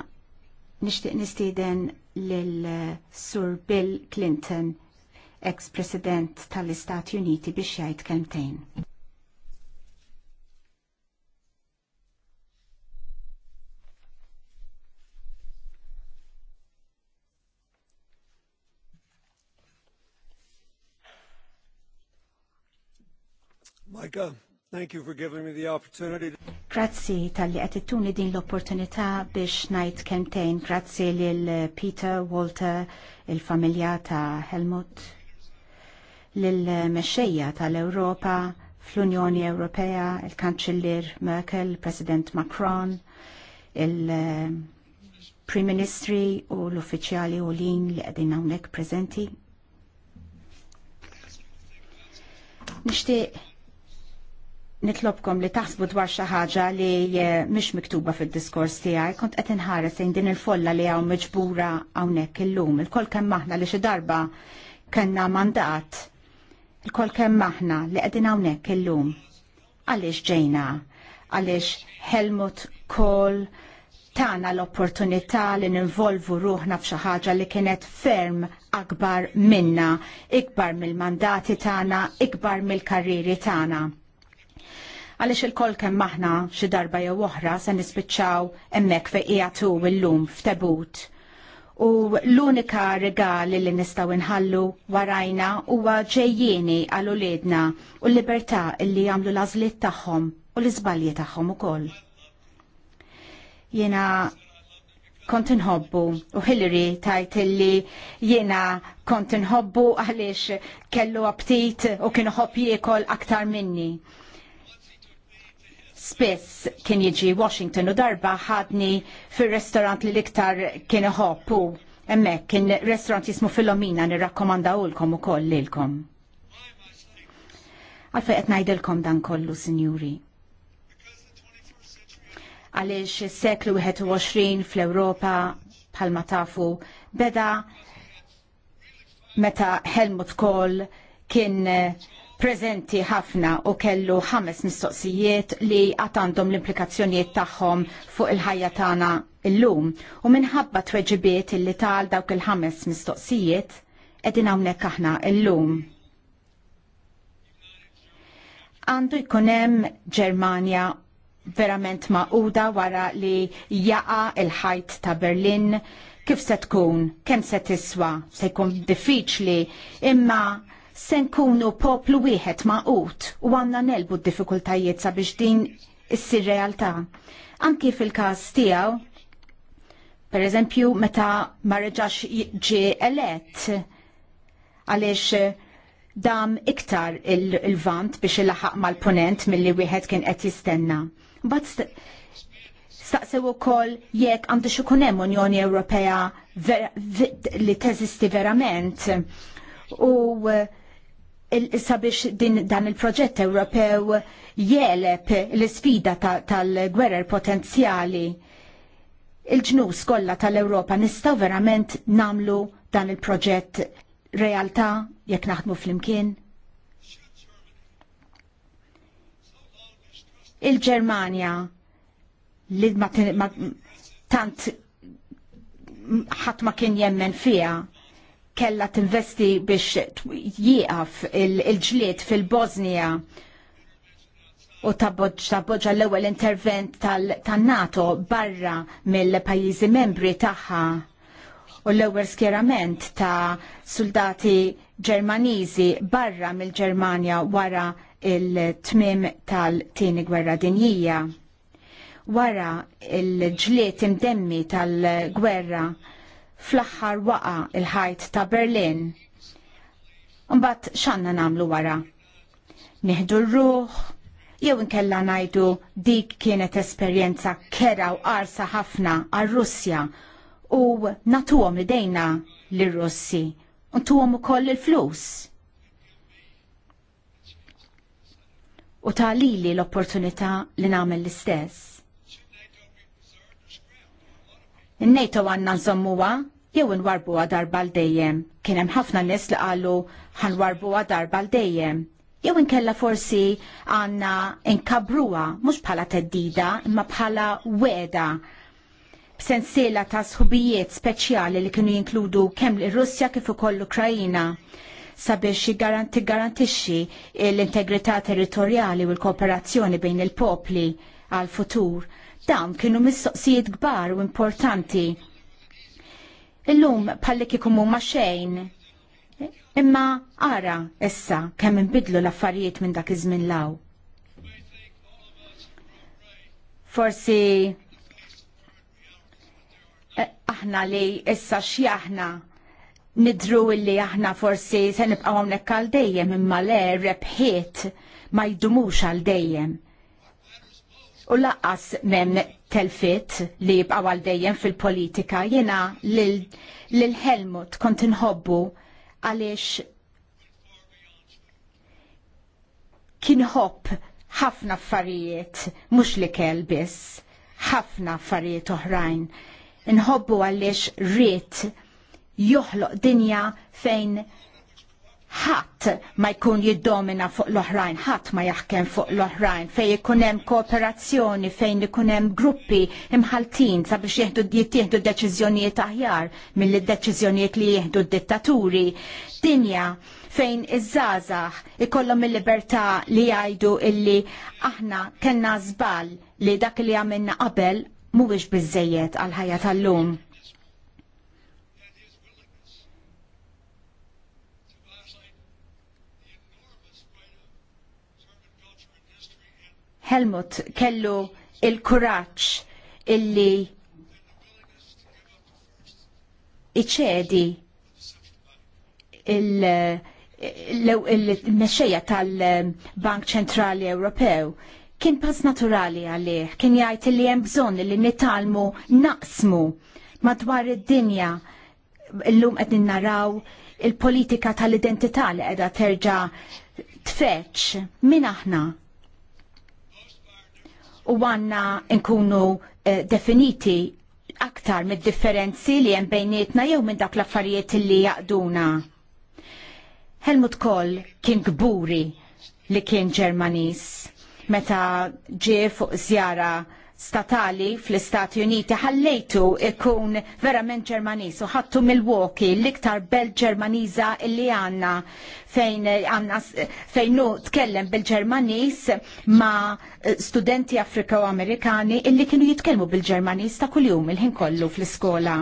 nishtiq nistiden l-Sur Bill Clinton, ex-President tal-Istati Uniti biex jgħid kelmtejn. Micah, Thank you for giving me the opportunity. Grazzi tal-li għatittuni din l-opportunità biex najt kemtejn. Grazzi l Peter, Walter, il-familja ta' Helmut, lil-mexxejja tal-Europa, fl-Unjoni Ewropea, il-Kanċellir Merkel, President Macron, il-Prim Ministri u l-Uffiċjali u lin li għedin hawnhekk prezenti. Nishtiq nitlobkom li taħsbu dwar xi ħaġa li eh, mhix miktuba fid-diskors tiegħi, kont qed inħares lejn din il-folla li hawn miġbura hawnhekk illum. Il-kol kemm aħna li xi darba kellna mandat. Il-kol kemm aħna li qegħdin hawnhekk illum. Għaliex ġejna? Għaliex Helmut Kohl tana l-opportunità li ninvolvu ruħna f'xi ħaġa li kienet ferm akbar minna, ikbar mill-mandati tagħna, ikbar mill-karriri tagħna għaliex il-koll kemm aħna xi darba jew oħra se nispiċċaw hemmhekk fejn qiegħdu illum f'tebut. U l-unika regali li nistgħu nħallu warajna huwa ġejjieni għal uliedna u l-libertà li jagħmlu l-għażliet tagħhom u l-iżbalji tagħhom ukoll. Jiena kont inħobbu. u Hillary tajt illi jiena kont inħobbu għaliex kellu aptit u kien ħobb jiekol aktar minni. Spiss kien jiġi Washington u darba ħadni fil-restorant li liktar kien iħobbu. Emmek kien restorant jismu Filomina nirrakkomanda l-kom u koll lilkom. Għalfej qed ngħidilkom dan kollu, sinjuri. Għaliex is-seklu 21 fl-Ewropa bħalma tafu beda meta Helmut Kohl kien prezenti ħafna u kellu ħames mistoqsijiet li għatandhom l-implikazzjonijiet tagħhom fuq il-ħajja tagħna illum u minħabba tweġibiet illi tal dawk il-ħames mistoqsijiet qegħdin hawnhekk aħna illum. Għandu jkun hemm Ġermanja verament maquda wara li jaqa il-ħajt ta' Berlin kif se tkun, kemm se tiswa, se jkun diffiċli, imma se nkunu poplu wieħed maqut u għanna nelbu d-diffikultajiet sabiex din issir realtà. Anki fil-każ tiegħu, per eżempju, meta ma reġax ġie elett għaliex dam iktar il-vant biex il-laħaq mal-ponent mill-li wieħed kien qed jistenna. Bat staqsew ukoll jekk għandu xikun hemm Unjoni Ewropea li teżisti verament u sabiex din dan il-proġett Ewropew jeleb l isfida tal-gwerer ta potenzjali il-ġnus kollha tal-Ewropa nistgħu verament namlu dan il-proġett realtà jekk naħdmu flimkien? Il-Ġermanja li ma tant ħadd ma kien jemmen fiha kella tinvesti biex jieqaf il-ġlied fil bosnia u tabboġa l-ewwel intervent tan-NATO barra mill-pajjiżi membri tagħha u l-ewwel skjerament ta' soldati Ġermaniżi barra mill-Ġermanja wara il-tmim tal-tieni gwerra dinjija. Wara il-ġlied imdemmi tal-gwerra fl-aħħar waqa il-ħajt ta' Berlin. Mbatt x'għandna nagħmlu wara? Nihdu r-ruħ, jew inkella ngħidu dik kienet esperjenza kera u qarsa ħafna għal russja u natuhom idejna lir-Russi u ntuhom ukoll il-flus. U talili l-opportunità li nagħmel l-istess. N-NATO għanna nżommuwa jew inwarbu darba baldejjem. Kien hemm ħafna nies li qalu ħanwarbu darba baldejjem. dejjem. Jew inkella forsi għandna inkabruha mhux bħala teddida imma bħala weda b'sensiela ta' sħubijiet speċjali li kienu jinkludu kemm ir-Russja kif ukoll l-Ukrajina sabiex tiggarantixxi l-integrità territorjali u l-kooperazzjoni bejn il-popli għal futur. Dawn kienu mistoqsijiet kbar u importanti illum palli kikumu ma xejn. Imma ara issa kemm inbidlu l-affarijiet minn dak iż-żmien law. Forsi eh, aħna li issa xi aħna nidru illi aħna forsi se nibqgħu hawnhekk għal dejjem imma le rebħiet ma jdumux għal dejjem u laqqas mem telfit li jibqaw għal dejjem fil-politika jena lil Helmut kont inħobbu għaliex kien hopp ħafna affarijiet mhux li kell biss ħafna affarijiet oħrajn inħobbu għaliex riet joħloq dinja fejn ħadd ma jkun jiddomina fuq l-oħrajn, ħadd ma jaħkem fuq l-oħrajn, fejn ikun hemm kooperazzjoni, fejn ikun hemm gruppi imħaltin sabiex jieħdu jittieħdu deċiżjonijiet aħjar milli deċiżjonijiet li jieħdu d-dittaturi. Dinja fejn iż-żgħażagħ ikollhom il-libertà li jgħidu illi aħna kellna żball li dak li għamilna qabel mhuwiex biżejjed għal ħajja tal-lum. Helmut kellu il-kuraġġ illi iċedi il-mexxejja tal-Bank Ċentrali Ewropew kien pass naturali għalih, kien jgħid li hemm bżonn li nitalmu naqsmu madwar id-dinja llum qed naraw il-politika tal-identità li qiegħda terġa' tfeċ min aħna u għanna nkunu uh, definiti aktar mid-differenzi li hemm bejnietna jew minn dak l-affarijiet li jaqduna. Helmut Kohl kien kburi li kien Ġermanis meta ġie fuq zjara statali fl-Istati Uniti ħallejtu ikun verament Ġermaniż u ħattu woki l-iktar belt Ġermaniża li għandna fejn għandna fejn tkellem bil-Ġermaniż ma studenti Afrika u Amerikani illi kienu jitkellmu bil-Ġermaniż ta' kuljum il-ħin kollu fl-iskola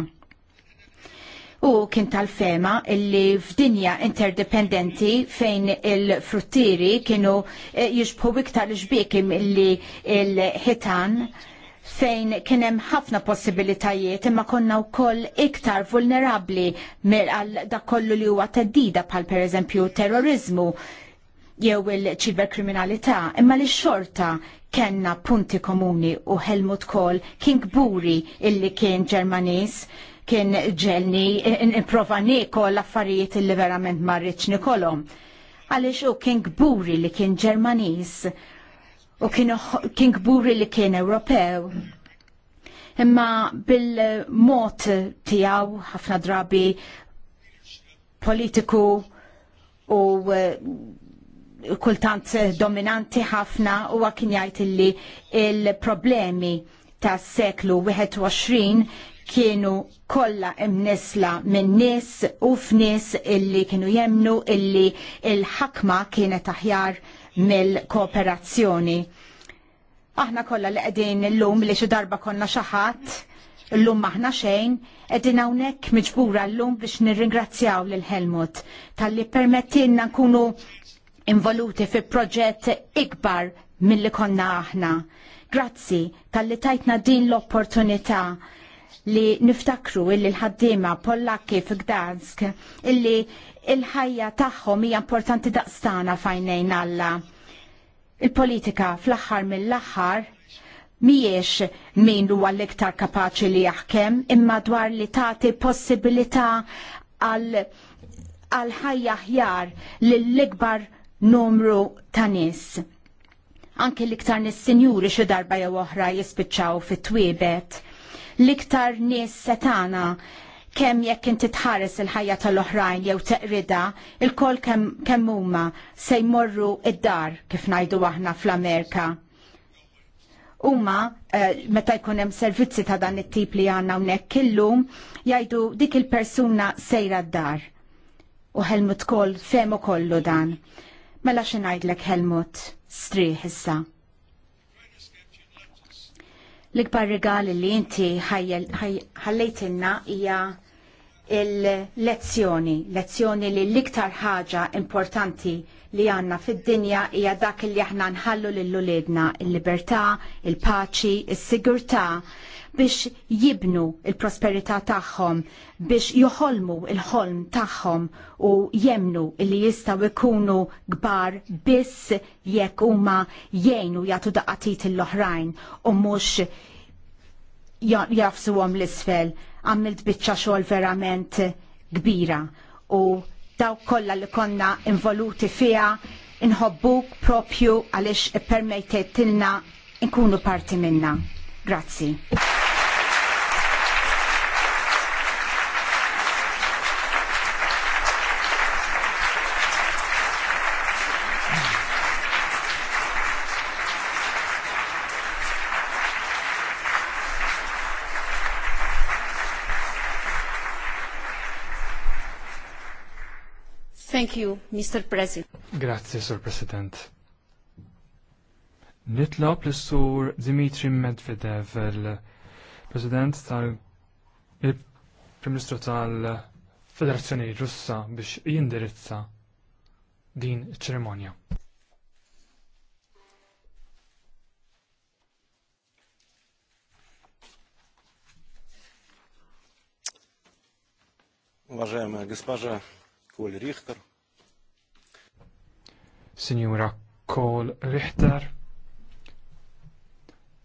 u kien tal-fema illi f'dinja interdependenti fejn il-fruttieri kienu eh, jiġbħu iktar l-ġbiekim illi il-ħitan fejn kien hemm ħafna possibilitajiet imma konna wkoll iktar vulnerabbli għal dak kollu li huwa teddida bħal pereżempju terrorizmu jew il-ċiberkriminalità imma li xorta kellna punti komuni u Helmut Kohl kien kburi illi kien Ġermaniż kien ġelni prova niko l-affarijiet li verament marriċ nikolom. Għalix u kien gburi li kien Ġermanis u kien gburi li kien Ewropew. Imma bil-mot tijaw ħafna drabi politiku u kultant dominanti ħafna u għakin jajt illi il-problemi ta' s-seklu 21 kienu kollha imnisla minn nies u f'nies illi kienu jemnu illi il-ħakma kienet aħjar mill-kooperazzjoni. Aħna kollha li qegħdin illum li xi darba konna xi ħadd l-lum maħna xejn, qegħdin hawnhekk miġbura l-lum biex nirringrazzjaw lil Helmut tal-li permettinna nkunu involuti fi proġett ikbar mill-li konna aħna. Grazzi tal-li tajtna din l-opportunità li niftakru illi l-ħaddima Pollakki fi Gdansk illi il-ħajja tagħhom hija importanti daqstana fajnejn alla. Il-politika fl-aħħar mill-aħħar mhijiex min huwa l-iktar kapaċi li jaħkem imma dwar li tagħti possibilità għal għal ħajja ħjar lill-ikbar numru ta' nies anke l-iktar nis-sinjuri xi darba jew oħra jispiċċaw fit-twiebet l-iktar nies setana kemm jekk inti tħares il-ħajja tal-oħrajn jew teqrida, il-kol kemm kem huma se jmorru id-dar kif ngħidu aħna fl-Amerika. Huma eh, meta jkun hemm servizzi ta' dan it-tip li għandna hawnhekk illum jgħidu dik il-persuna sejra d-dar. U Helmut Kol femu kollu dan. Mela xi ngħidlek Helmut, strieħ issa. L-ikbar regali li inti ħallejtinna hija il-lezzjoni, lezzjoni li l-iktar ħaġa importanti li għanna fid-dinja hija dak li aħna nħallu l il-paċi, is-sigurtà, il libertà il paċi il sigurtà biex jibnu il-prosperità tagħhom, biex joħolmu il-ħolm tagħhom u jemnu li jistgħu jkunu kbar biss jekk huma jgħinu jagħtu daqatit l-oħrajn u mhux jafsuhom l-isfel. Għamilt biċċa xogħol verament kbira u daw kollha li konna involuti fiha inħobbuk propju għalix permejtetilna nkunu parti minna. Grazzi. Thank you, Mr. President. Grazie, Sir President. Nitlob l-sur Dimitri Medvedev, il-President tal- il-Prim-Ministru tal-Federazzjoni Russa biex jindirizza din ċeremonja. ċerimonja Уважаемая госпожа Коль Рихтер. Сеньора Richter. Рихтер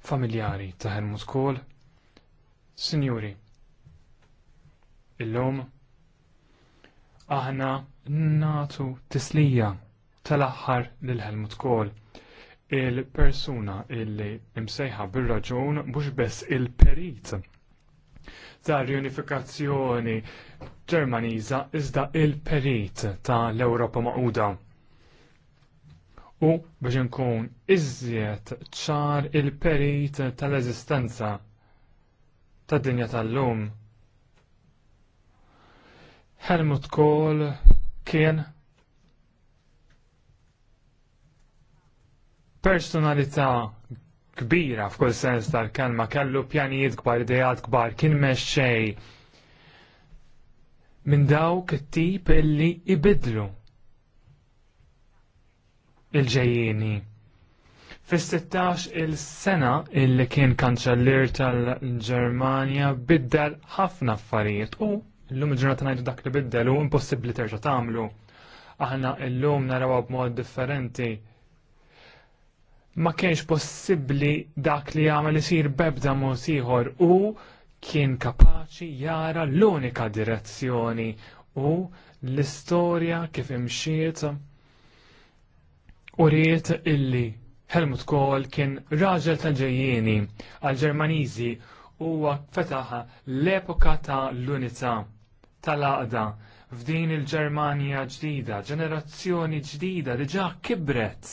familjari ta' Helmut Kohl. Sinjuri, illum aħna natu tislija tal-aħħar lil Helmut Kohl il-persuna illi imsejħa bil raġun mhux biss il-perit ta' riunifikazzjoni Ġermaniża iżda il-perit ta' l-Ewropa Maquda u biex nkun iżjed ċar il-perit tal-eżistenza tad dinja tal-lum. Helmut Kohl kien personalità kbira f'kull sens tal-kelma, kellu pjanijiet kbar, idejat kbar, kien meċċej minn dawk it-tip illi ibidlu il-ġejjini. Fis-16 il-sena illi kien kanċellir tal-Ġermanja biddel ħafna affarijiet u l-lum il-ġurnata ngħidu dak li biddel u impossibbli terġa' tagħmlu. Aħna llum narawha b'mod differenti. Ma kienx possibbli dak li jagħmel isir bebda mod ieħor u kien kapaċi jara l-unika direzzjoni u l-istorja kif imxiet u rrit illi Helmut Kohl kien raġel tal-ġejjieni għal-Ġermaniżi huwa fetaħa l-epoka ta' l-unità tal-għaqda f'din il ġermanija ġdida, ġenerazzjoni ġdida diġà kibret.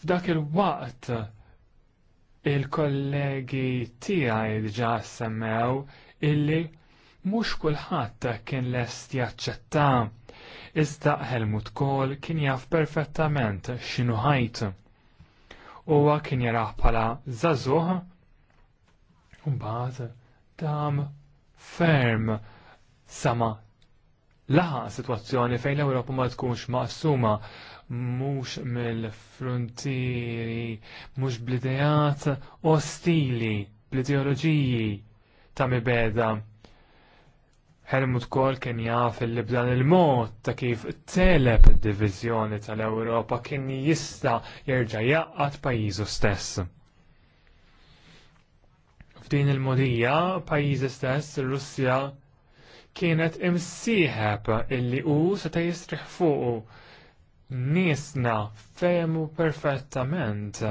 F'dak il-waqt il-kollegi tiegħi diġa' semmew illi mhux kulħadd kien lest jaċċettaw. Iżda Helmut Kohl kien jaf perfettament x'inhu ħajt. Huwa kien jarah bħala żagħżugħ u mbagħad dam ferm sama laħa situazzjoni fejn l-Ewropa ma tkunx maqsuma mhux mill-frontieri, mhux blidejat ostili, bl-ideoloġiji ta' mibeda Helmut Kohl kien jaf li b'dan il-mod ta' kif teleb id-diviżjoni tal-Ewropa kien jista' jerġa' jaqqat pajjiżu stess. F'din il-modija pajjiżi stess ir-Russja kienet imsieħeb illi hu seta' jistriħ fuqu niesna fehmu perfettament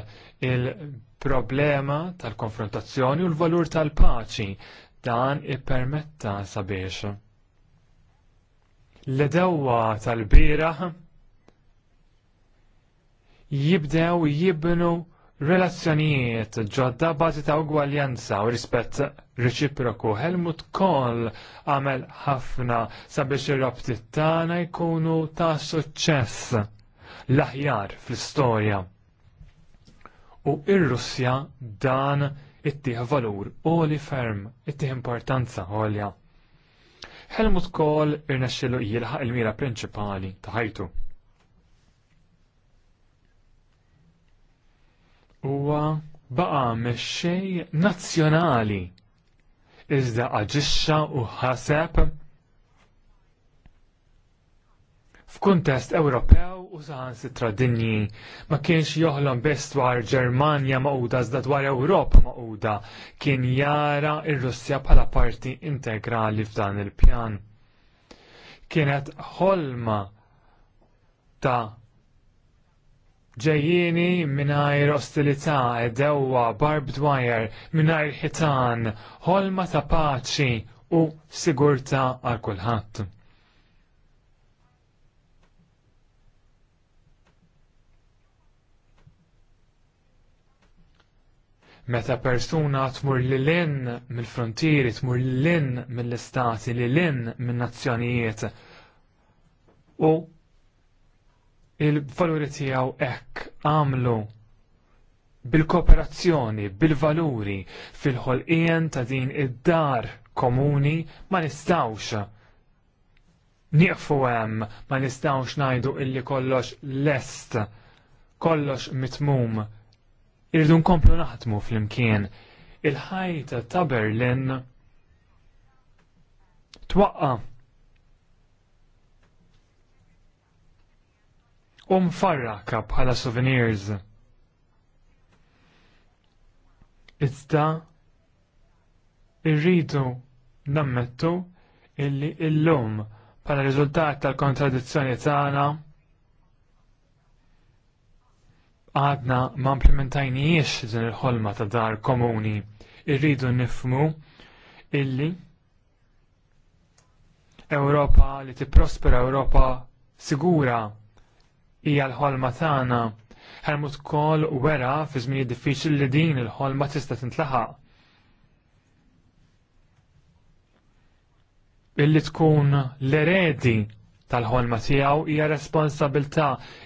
il-problema tal-konfrontazzjoni u l-valur tal-paċi dan ippermetta sabiex. L-dewwa tal-biraħ jibdew jibnu Relazzjonijiet ġodda bażi ta' ugwaljanza u rispett reċiproku Helmut Kohl għamel ħafna sabiex ir-rabtiet tagħna jkunu ta' suċċess l-aħjar fl-istorja. U ir-Russja dan ittih valur li ferm, ittih importanza għolja. Helmut Kohl irnexxilu jilħaq il-mira prinċipali ta' ħajtu. Huwa baqa mexxej nazzjonali iżda aġixxa u ħaseb f'kuntest Ewropew u saħansitra dinji ma kienx joħlom biss dwar Ġermanja maquda iżda dwar Ewropa maquda kien jara r russja bħala parti integrali f'dan il-pjan. Kienet ħolma ta' ġejjini mingħajr ostilità dewwa barbed wire mingħajr ħitan ħolma ta' paċi u sigurta għal kulħadd. meta persuna tmur li lin mill-frontieri, tmur li lin mill-istati, li lin mill-nazzjonijiet. U il-valuri tiegħu hekk għamlu bil-kooperazzjoni, bil-valuri fil-ħolqien ta' din id-dar komuni ma nistawx nieqfu hemm ma nistawx ngħidu illi kollox lest, kollox mitmum Irridu nkomplu naħdmu fl-imkien. Il-ħajta ta' Berlin twaqqa. U mfarraka bħala souvenirs. Iżda irridu nammettu illi illum bħala riżultat tal-kontradizzjoni tagħna għadna ma implementajniex din il-ħolma ta' dar komuni. Irridu nifmu illi Ewropa li tipprospera Ewropa sigura hija l-ħolma tagħna. Helmut Kohl wera fi żmien diffiċli li din il-ħolma tista' tintlaħaq. Illi tkun l-eredi tal-ħolma tiegħu hija responsabilità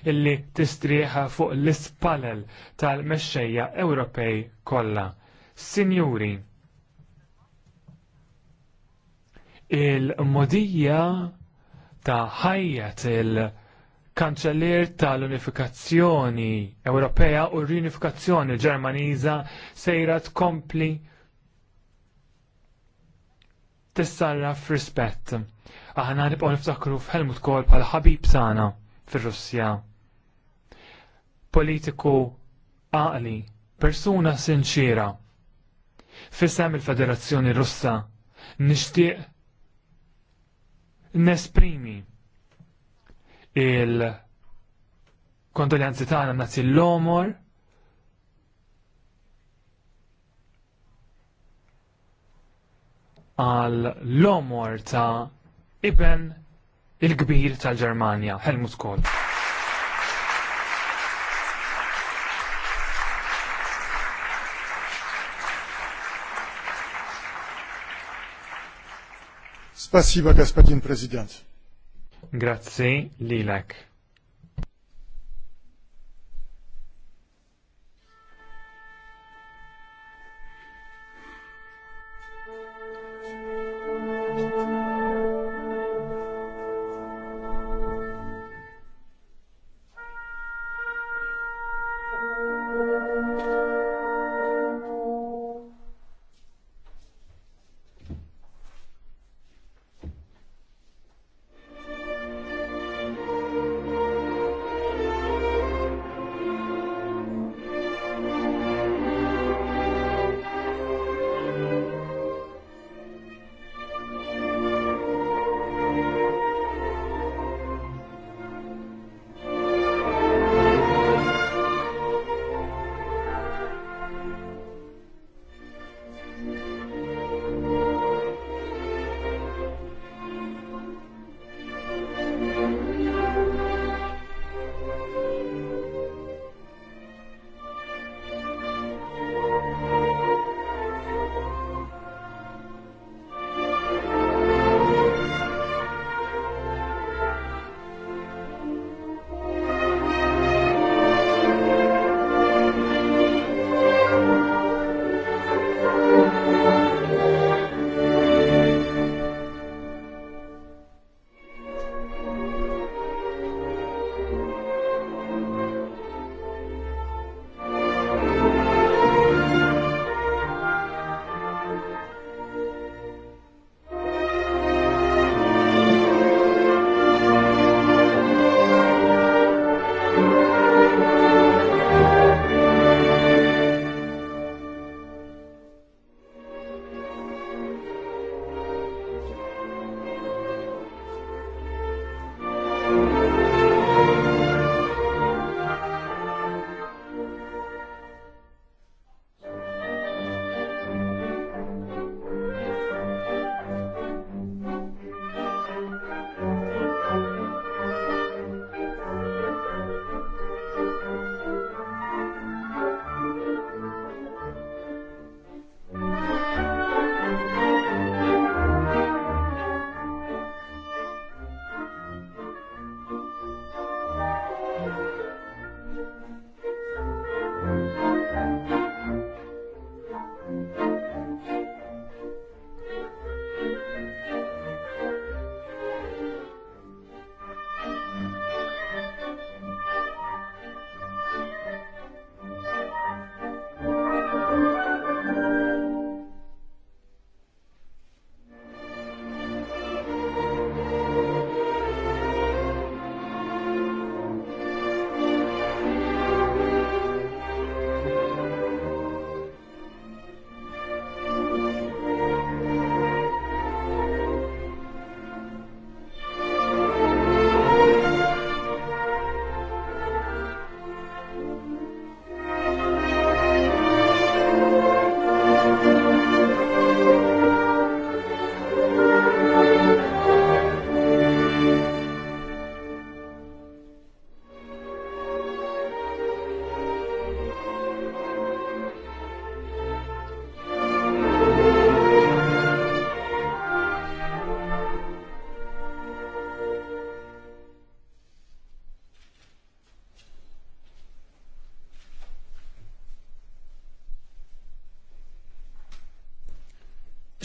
illi tistrieħa fuq l-ispalel tal-mexxejja Ewropej kollha. Sinjuri, il-modija ta' ħajjat il-kanċellier tal-unifikazzjoni Ewropea u r-unifikazzjoni Ġermaniża sejra tkompli tissarra f'rispett. Aħna nibqaw niftakru f'Helmut Kohl bħal ħabib tagħna fir-Russja. Politiku għaqli, persuna sinċira. Fissem il-Federazzjoni Russa nixtieq nesprimi il-kondoljanzi tagħna nazzi l-omor għal l-omor ta' iben il-kbir tal germania Helmut Kohl. Spasiba, lilek.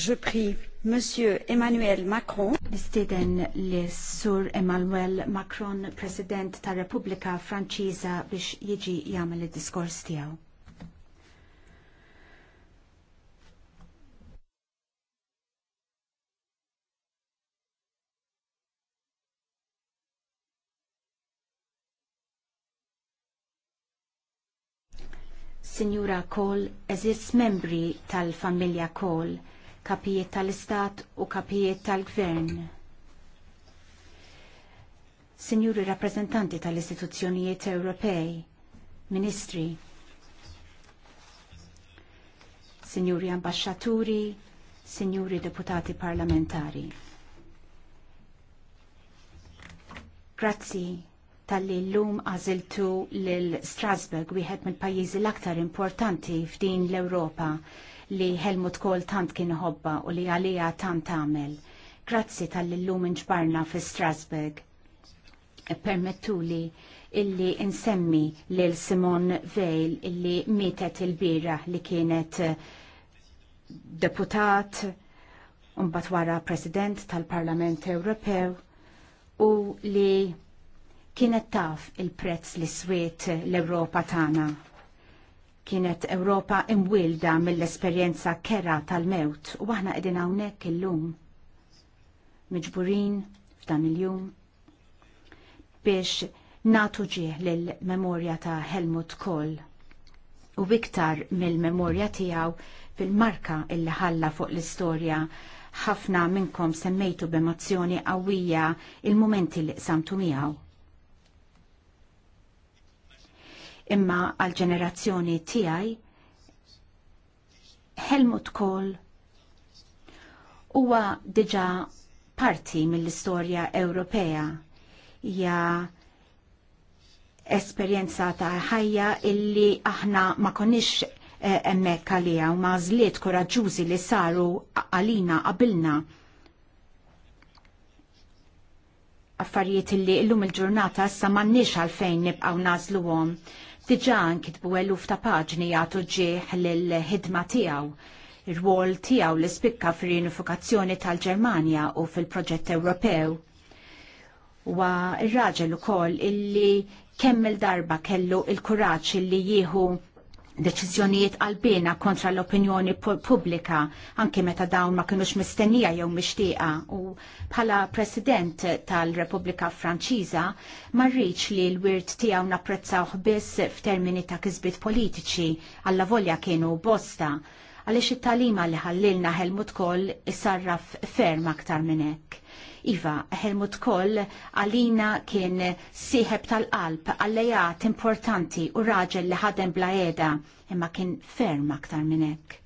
Je prie Monsieur Emmanuel Macron. Nistiden li Sur Emmanuel Macron, President ta' Repubblika Franċiża biex jiġi jagħmel id-diskors tiegħu. Signora Cole, eżis membri tal-familja Cole, kapijiet tal-Istat u kapijiet tal-Gvern. Sinjuri rappresentanti tal-istituzzjonijiet Ewropej, ministri, Signuri ambasċaturi, Signuri deputati parlamentari. Grazzi tal-li l-lum għaziltu l-Strasburg, wieħed mill-pajjiżi l-aktar importanti f'din l-Ewropa li Helmut Kohl tant kien ħobba u li għalija tant għamel. Grazzi tal-lum inġbarna fi Strasbourg. Permettu li illi insemmi lil Simon Veil illi mietet il-bira li kienet eh, deputat unbat wara president tal-Parlament Ewropew u li kienet taf il-prezz li swiet l-Europa tana kienet Ewropa imwilda mill-esperjenza kera tal-mewt u aħna qegħdin hawnhekk illum. Miġburin f'dan il-jum biex natu ġieħ lill-memorja ta' Helmut Kohl u iktar mill-memorja tiegħu fil-marka illi ħalla fuq l-istorja ħafna minnkom semmejtu b'emozzjoni qawwija il-momenti li qsamtu miegħu imma għal ġenerazzjoni tiegħi Helmut Kohl huwa diġa parti mill-istorja Ewropea hija esperjenza ta' ħajja illi aħna ma konniex eh, emmek għalija u ma' zliet koraġġużi li saru għalina qabilna affarijiet illi illum il-ġurnata issa m'għandniex għalfejn nibqgħu nażluhom. Diġan nkitbu eluf ta' paġni jagħtu ġieħ lill-ħidma tiegħu il wol tiegħu li spikka fir-unifikazzjoni tal-Ġermanja u fil-proġett Ewropew. U ir-raġel ukoll illi kemm il-darba kellu il-kuraġġ illi jieħu deċiżjonijiet għalbina kontra l-opinjoni pubblika anke meta dawn ma kinux mistennija jew mixtieqa u bħala President tal-Repubblika Franċiża ma rridx li l-wirt tiegħu napprezzawh biss f'termini ta' kisbiet politiċi alla volja kienu bosta għaliex it-talima li ħallilna Helmut Kohl isarraf ferm aktar minn hekk Iva, Helmut Koll għalina kien siħeb tal-qalb, għallejat importanti u raġel li ħadem bla eda, imma kien ferm aktar minn hekk.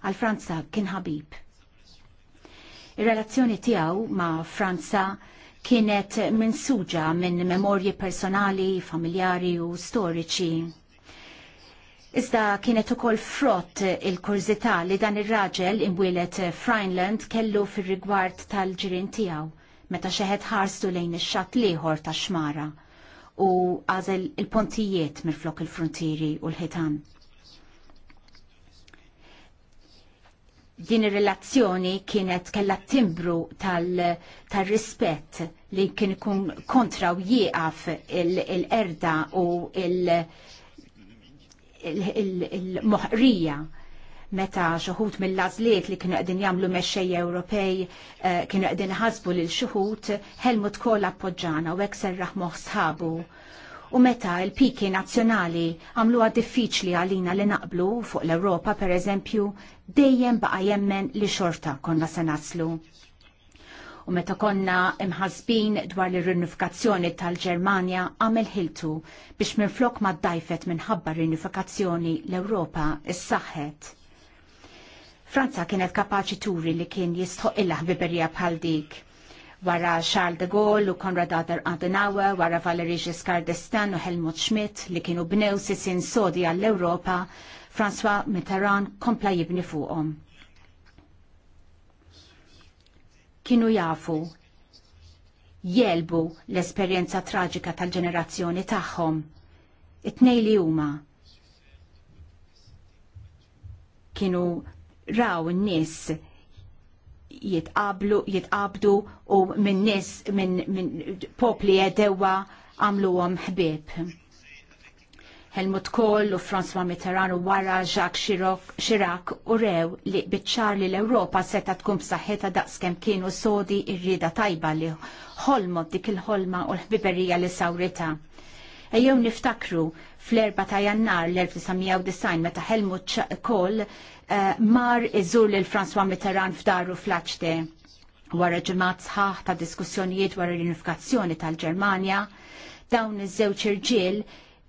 Għal Franza kien ħabib. Ir-relazzjoni tiegħu ma' Franza kienet minsuġa minn memorji personali, familjari u storiċi. Iżda kienet ukoll frott il-kurzità li dan ir-raġel imwieled Freinland kellu fir-rigward tal-ġirien tiegħu meta xeħed ħarstu lejn ix-xatt liħor ta' xmara u għażel il-pontijiet mill-flok il-frontieri u l-ħitan. Din ir-relazzjoni kienet kellha timbru tal-rispett tal li kien ikun kontra u jieqaf il-erda il u il- il-moħrija meta xuħut mill-lazliet li kienu għedin jamlu meċċej Ewropej, eh, kienu għedin ħasbu l xuħut, Helmut Kohl appoġġana u hekk serraħ sħabu. U meta l-piki nazzjonali għamluha diffiċli għalina li naqblu fuq l-Ewropa per eżempju, dejjem baqa jemmen li xorta konna se naslu u meta konna imħazbin dwar l-rinifikazzjoni tal-Ġermanja għamel ħiltu biex minflok ma dajfet minħabba rinifikazzjoni l-Ewropa s saħħet Franza kienet kapaċi turi li kien jistħu illaħ ħbiberija bħal dik wara Charles de Gaulle u Konrad Adenauer, wara Valéry Giscard d'Estaing u Helmut Schmidt li kienu bnew sisin sodi għall-Europa, François Mitterrand kompla jibni fuqhom. kienu jafu jelbu l-esperjenza traġika tal-ġenerazzjoni tagħhom. it tnejn li huma kienu raw n-nies jitqablu, jitqabdu u minn nies minn min popli edewa għamluhom ħbieb Helmut Kohl u François Mitterrand u wara Jacques Chirac u rew li bitċar li l-Europa seta tkun b'saħħetha daqskemm kienu sodi ir-rieda tajba li ħolmot dik il-ħolma u l-ħbiberija li sawrita. Ejjew niftakru fl-4 ta' jannar l-1990 meta Helmut Kohl eh, mar iżur lil François Mitterrand f'daru fl-Aċte wara ġemat sħaħ ta' diskussjonijiet wara l-unifikazzjoni tal-Ġermanja dawn iż-żewġ irġiel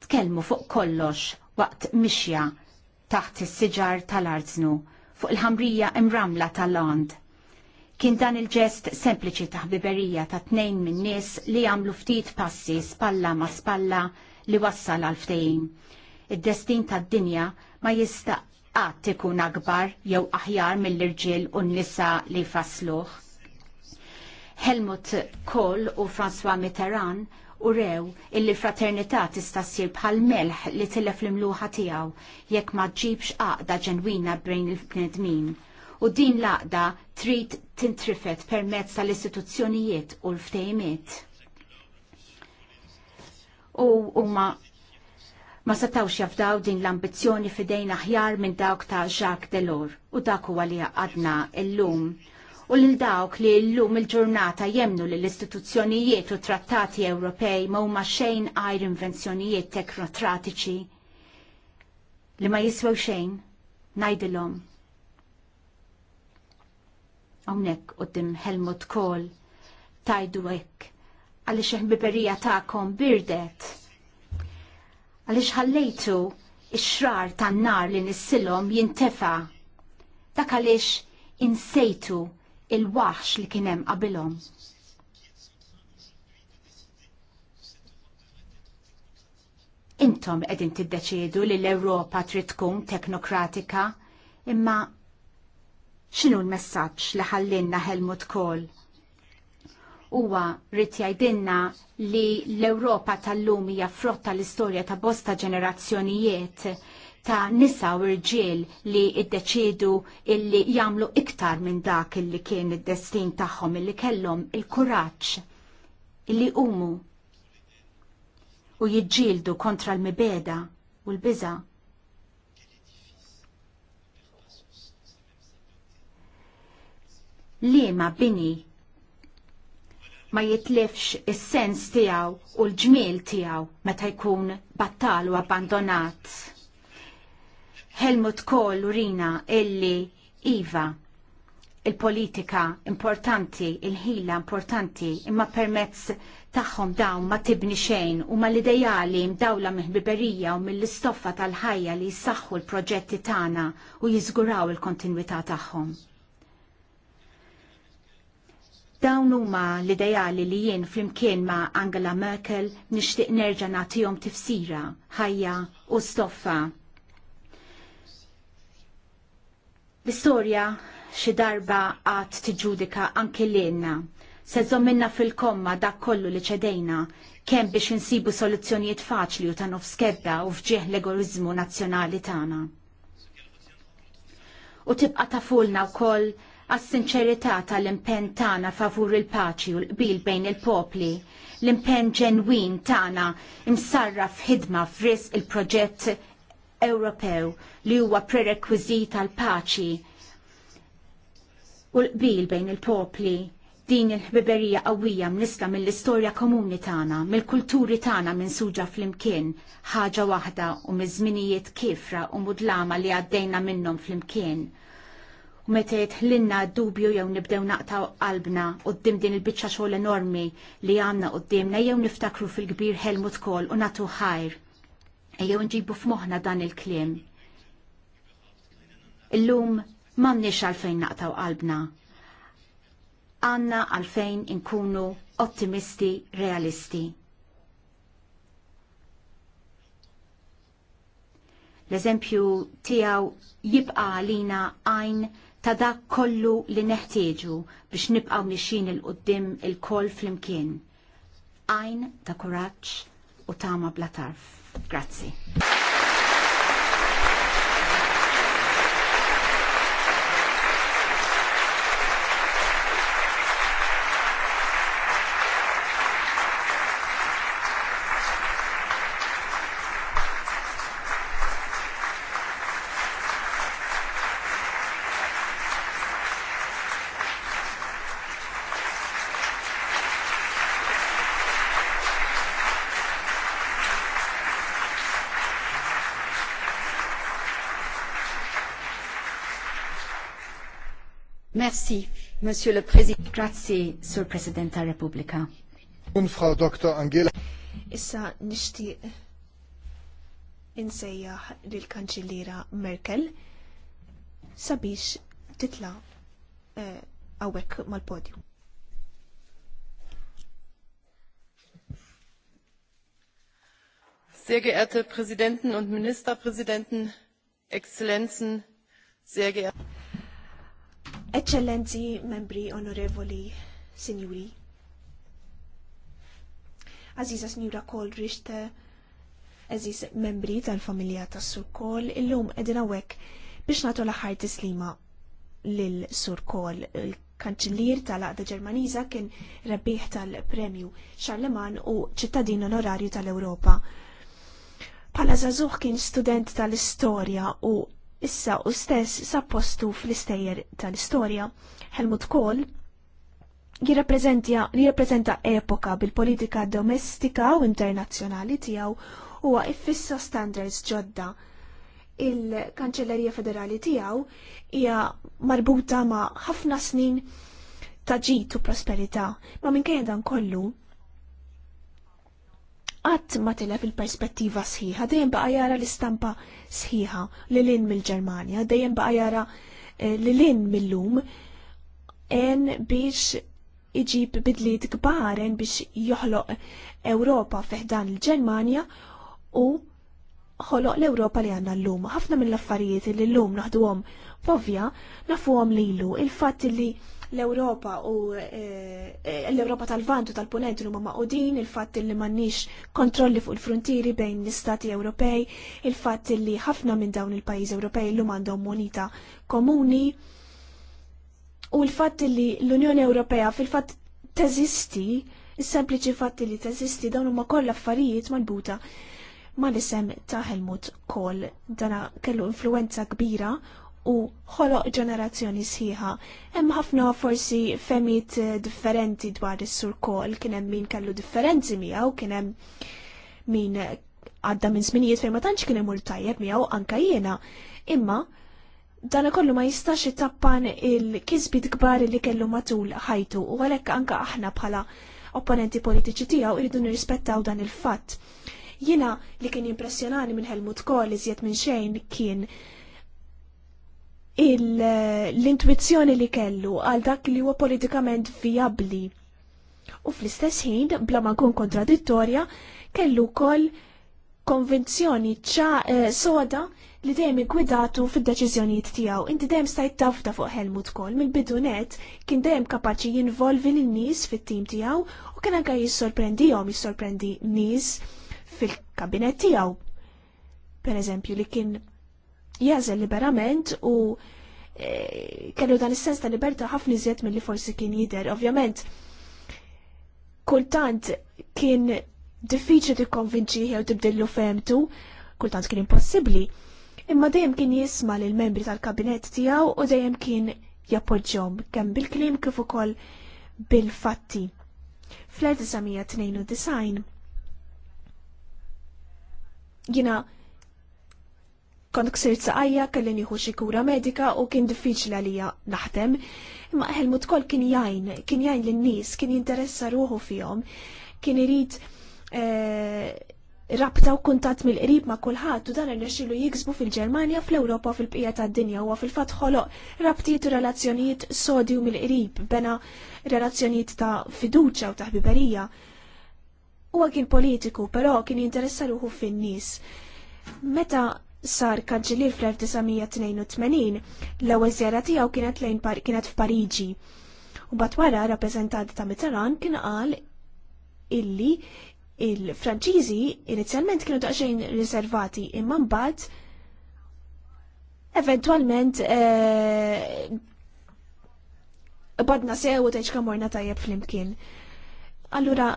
tkellmu fuq kollox waqt mixja taħt is-siġar tal-arznu fuq il-ħamrija imramla tal-land. Kien dan il-ġest sempliċi ta' ħbiberija ta' tnejn minn nies li jagħmlu ftit passi spalla ma' spalla li wassal għal ftejn. Id-destin tad-dinja ma jista' qatt ikun akbar jew aħjar mill-irġiel u n-nisa li fasluh. Helmut Kohl u François Mitterrand u rew illi fraternità tista' ssir bħal melħ li tilef l-imluħa tiegħu jekk ma ġibx aqda ġenwina bejn il-bnedmin. U din l-għaqda trid tintrifet permezz tal-istituzzjonijiet u l-ftejmiet. U huma ma setawx jafdaw din l-ambizzjoni fidejna ħjar minn dawk ta' Jacques Delors u dak huwa li għadna l lum u lil dawk li llum il-ġurnata jemnu li l-istituzzjonijiet u trattati Ewropej ma huma xejn għajr invenzjonijiet teknotratiċi li ma jiswew xejn ngħidilhom. Hawnhekk qudiem Helmut Kohl tajdu hekk għaliex il-biberija tagħkom birdet għaliex ħallejtu ix-xrar tan-nar li nissilhom jintefa' dak għaliex insejtu il-waħx li kienem qabilhom. Intom edin tiddeċiedu li l-Europa trid tkun teknokratika, imma x'inhu l-messaġġ li ħallinna Helmut Kohl? Huwa rrid jgħidilna li l-Ewropa tal-lum hija frotta l-istorja ta' bosta ġenerazzjonijiet ta' nisa u rġiel li iddeċidu illi jagħmlu iktar minn dak illi kien id-destin tagħhom illi kellhom il-kuraġġ illi umu u jiġġieldu kontra l-mibeda u l-biża' li bini ma jitlifx is-sens tiegħu u l-ġmiel tiegħu meta jkun battal u abbandonat. Helmut Kohl urina illi Iva il-politika importanti, il-ħila importanti, imma permezz tagħhom dawn ma tibni xejn u ma l-idejali mdawla miħbiberija u mill-istoffa tal-ħajja li jissaxħu l-proġetti tagħna u jiżguraw il-kontinwità tagħhom. Dawn huma l-ideali li jien flimkien ma' Angela Merkel nixtieq nerġa' nagħtihom tifsira, ħajja u stoffa L-istorja xi darba għad tiġudika anke lilna. Se minna fil-komma dak kollu li ċedejna kemm biex insibu soluzzjonijiet faċli u ta' skedda u fġieħ l egorizmu nazzjonali tagħna. U tibqa tafulna wkoll għas-sinċerità tal-impenn tagħna favur il-paċi u l-qbil bejn il-popli, l-impenn ġenwin tagħna imsarra f'ħidma f'ris il-proġett Ewropew li huwa prerekwiżit għal paċi u l-qbil bejn il-popli din il-ħbiberija qawwija mniska mill-istorja komuni tagħna, mill-kulturi tagħna minn suġa flimkien, ħaġa waħda u miż-żminijiet kifra u mudlama li għaddejna minnhom flimkien U meta jitħlinna dubju jew nibdew naqtaw qalbna qoddim din il-biċċa xogħol enormi li għandna qudiemna jew niftakru fil-kbir Helmut kol u natu ħajr. Ejjew nġibu f'moħħna dan il-kliem. Illum m'għandniex għalfejn naqtaw qalbna. Għanna għalfejn inkunu ottimisti, realisti. L-eżempju tiegħu jibqa' għalina għajn ta' dak kollu li neħtieġu biex nibqaw mixin il-qoddim il-koll fl-imkien. Għajn ta' kuraċ u tama bla tarf. Grazzi. Merci, Monsieur le Grazie, Sur President Un Frau Dr. Angela. Issa nishtiq insejjaħ lil kanċillira Merkel sabiex titla għawek eh, mal-podju. Sehr geehrte Präsidenten und Ministerpräsidenten, Exzellenzen, sehr geehrte Eccellenzi, membri onorevoli, signori. Aziza signora Rishte, aziz membri tal-familja tas sur Kol, illum edina wek biex natu laħar tislima lil sur Kol. Il-kanċillir tal-Aqda Ġermaniza kien rebbieħ tal-premju Charlemagne u ċittadin onorarju tal-Europa. Pala Zazuh kien student tal-istorja u issa u stess sappostu fl-istejjer tal-istorja. Helmut Kohl jirrappreżenta epoka bil-politika domestika u internazzjonali tiegħu huwa iffissa standards ġodda. Il-Kanċellerija Federali tiegħu hija marbuta ma' ħafna snin ta' ġit u prosperità, ma' minn dan kollu Qatt ma tilef il-perspettiva sħiħa, dejjem baqa jara l-istampa sħiħa li l-in mill-Ġermanja, dejjem baqa jara eh, li l-in mill-lum en biex iġib bidliet kbar, en biex joħloq Ewropa fiħdan il-Ġermanja u ħoloq l-Ewropa li għanna l-lum. Ħafna mill-affarijiet li l-lum naħduhom fovja l lilu, il fat li, l -lum, l-Ewropa u eh, eh, l-Ewropa tal-Vant u tal-Punent huma maqudin, il fat li m'għandniex kontrolli fuq il-frontieri bejn l-Istati Ewropej, il fat li ħafna minn dawn il-pajjiż Ewropej l għandhom monita komuni u l fat li l-Unjoni Ewropea fil-fatt teżisti, il sempliċi fat li teżisti dawn huma kollha affarijiet malbuta l isem ta' Helmut Kohl dana kellu influenza kbira u ħoloq ġenerazzjoni sħiħa. Hemm ħafna forsi femit eh, differenti dwar is-sur kol, kien hemm min kellu differenzi miegħu, kien hemm min għadda minn żminijiet fejn ma tantx kien hemm tajjeb miegħu anke jiena. Imma dan kollu ma jistax ittappan il-kisbit kbar li kellu matul ħajtu u għalhekk anke aħna bħala opponenti politiċi tiegħu irridu nirrispettaw dan il-fatt. Jiena li kien impressjonani minn Helmut Kohl iżjed minn xejn kien l-intwizzjoni li kellu għal dak li huwa politikament viabli. U fl-istess ħin, bla ma nkun kontradittorja, kellu kol konvenzjoni ċa eh, soda li dejjem gwidatu fid-deċiżjonijiet tiegħu. Inti dejjem stajt tafda fuq Helmut Kol mill-bidunet kien dejjem kapaċi jinvolvi lin-nies fit-tim tiegħu u kien anke jissorprendihom jissorprendi nies fil-kabinet tiegħu. Per eżempju li kien jażel liberament u e, kellu dan is-sens ta' libertà ħafna iżjed milli forsi kien jidher. Ovvjament, kultant kien diffiċli tikkonvinċi jew tibdillu femtu, kultant kien impossibbli, imma dejjem kien jisma' lil membri tal-kabinett tiegħu u dejjem kien jappoġġjom kemm bil-kliem kif ukoll bil-fatti. Fl-1992 jina kont ksirt saqajja, kelli nieħu xi kura medika u kien diffiċli għalija naħdem. Imma Helmut kol kien jgħin, kien jgħin lin-nies, kien jinteressa ruħu fihom, kien irid eh, rabta u kuntat mill-qrib ma' kulħadd u dan irnexxielu jiksbu fil-Ġermanja, fl-Ewropa u fil-bqija tad-dinja huwa fil-fatt ħoloq rabtiet u relazzjonijiet sodi u mill-qrib bena relazzjonijiet ta' fiduċja u ta' ħbiberija. Huwa kien politiku, però kien jinteressa ruħu fin-nies. Meta sar kanċilir fl-1982 l-ewwel żjara tiegħu kienet lejn kienet f'Pariġi. U batwara wara ta' Mitterrand kien qal illi il-Franċiżi inizjalment kienu daqsxejn riservati imma mbagħad eventwalment eh, badna sew u kemm kamorna tajjeb flimkien. Allura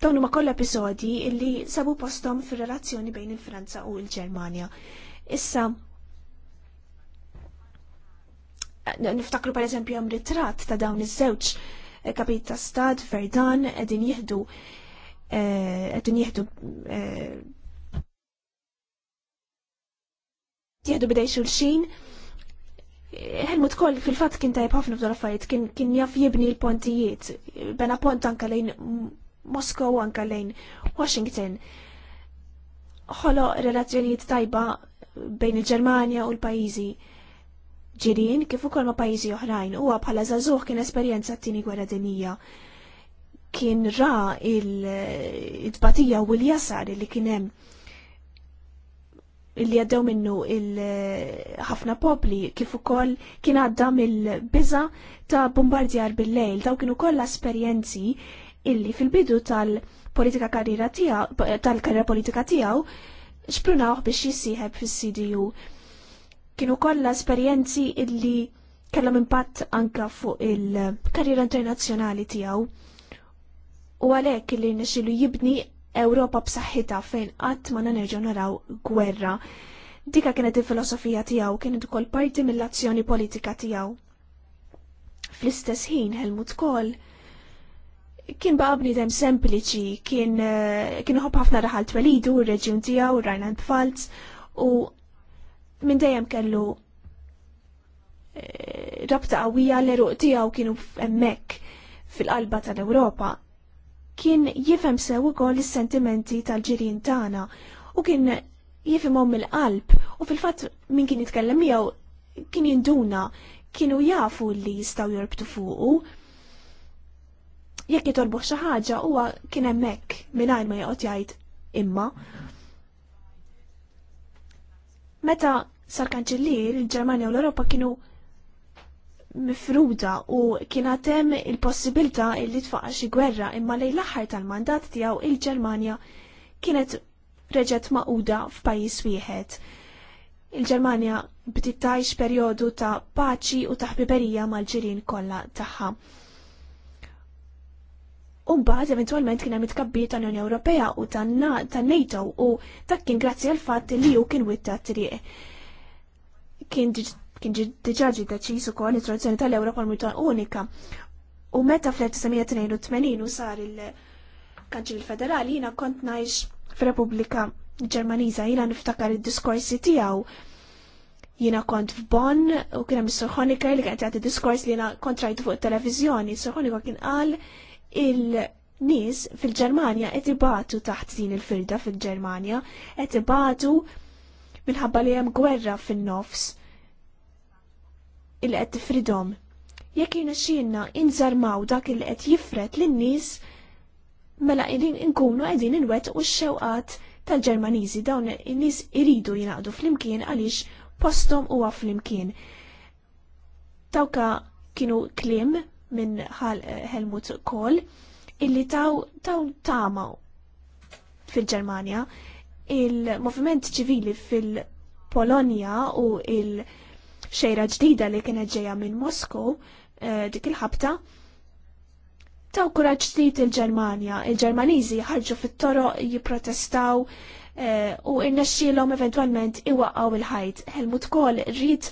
Dawn huma koll episodi li sabu postom fir relazzjoni bejn il-Franza u l ġermanja Issa, niftakru per eżempju ritratt ta' dawn iż-żewġ eh, kapit ta' stad Verdan qegħdin jieħdu qegħdin eh, jieħdu eh, jieħdu bidej xulxin Helmut Koll fil-fat kien tajb ħafna f'dan affarijiet kien jaf jibni l-pontijiet bena pont anka lejn Moskow anka lejn Washington. Ħolo relazzjonijiet tajba bejn il-Ġermanja u l-pajjiżi ġirien kif ukoll ma' pajjiżi oħrajn huwa bħala żagħżugħ kien esperjenza t-tieni gwerra dinija. Kien ra il-tbatija u l-jasar li kien hemm li għaddew minnu il-ħafna popli kif ukoll kien għadda mill-biża ta' bombardjar bil-lejl daw kienu koll esperjenzi illi fil-bidu tal-politika karriera tiegħu tal-karriera politika tiegħu xprunaw biex jissiħeb fis-CDU. Kienu kolla esperjenzi illi kellhom impatt anka fuq il-karriera internazzjonali tiegħu. U għalhekk illi nxilu jibni Ewropa b'saħħita fejn qatt ma nerġgħu naraw gwerra. Dika kienet il-filosofija tiegħu kienet ukoll parti mill-azzjoni politika tiegħu. Fl-istess ħin Helmut Kohl kien baqa bnidem sempliċi, kien eh, kien ħafna raħal twelidu, r-reġjun tiegħu, Rajnan Pfalz, u minn dejjem kellu eh, rabta qawwija l-eruq tiegħu kienu hemmhekk fil-qalba tal-Ewropa. Kien jifhem sew ukoll is-sentimenti tal-ġirien tagħna u kien jifhimhom mill-qalb u fil-fatt min kien jitkellem miegħu kien jinduna kienu jafu li jistgħu jorbtu fuqu jekk jitolbu xi ħaġa huwa kien hemmhekk mingħajr ma joqgħod jgħid imma. Meta sar kanċillier il-Ġermanja u l-Ewropa kienu mifruda u kien hemm il-possibilità li tfaqa xi gwerra imma lejn l-aħħar tal-mandat tiegħu il-Ġermanja kienet reġgħet maquda f'pajjiż wieħed il-Ġermanja tgħix perjodu ta' paċi u ta' ħbiberija mal ġirien kollha tagħha. Umbagħad eventwalment kien hemm it kabbir tal-Unjoni Ewropea u tan-NATO u dak kien grazzi għal fatt li hu kien witta triq. Kien diġà ġi deċiż ukoll l-introduzzjoni tal-Ewropa l-Mutan Unika. U meta fl-1982 u sar il-Kanċil Federali jiena kont ngħix f'Repubblika Ġermaniża jiena niftakar id-diskorsi tiegħu jina kont f'Bonn u kien hemm Sir Honecker li kien qed diskors li jiena kontrajtu fuq it-televiżjoni. Sir kien qal il-nies fil-Ġermanja qed taħt din il-firda fil-Ġermanja, qed ibatu minħabba li hemm gwerra fin-nofs il qed tifridhom. Jekk xienna inżarmaw dak il qed jifret lin-nies mela inkunu qegħdin inwettqu x-xewqat tal-Ġermaniżi dawn in-nies iridu jingħaqdu flimkien għaliex postom huwa flimkien. Dawk kienu kliem minn eh, Helmut Kohl illi taw taw tama fil-Ġermanja il-moviment ċivili fil-Polonja u il-xejra ġdida li kienet ġeja minn Moskow eh, dik il-ħabta taw kuraġġ ġdid il-Ġermanja. Il-Ġermaniżi ħarġu fit-toro jipprotestaw eh, u irnexxielhom eventwalment iwaqgħu il-ħajt. Helmut Kohl rrid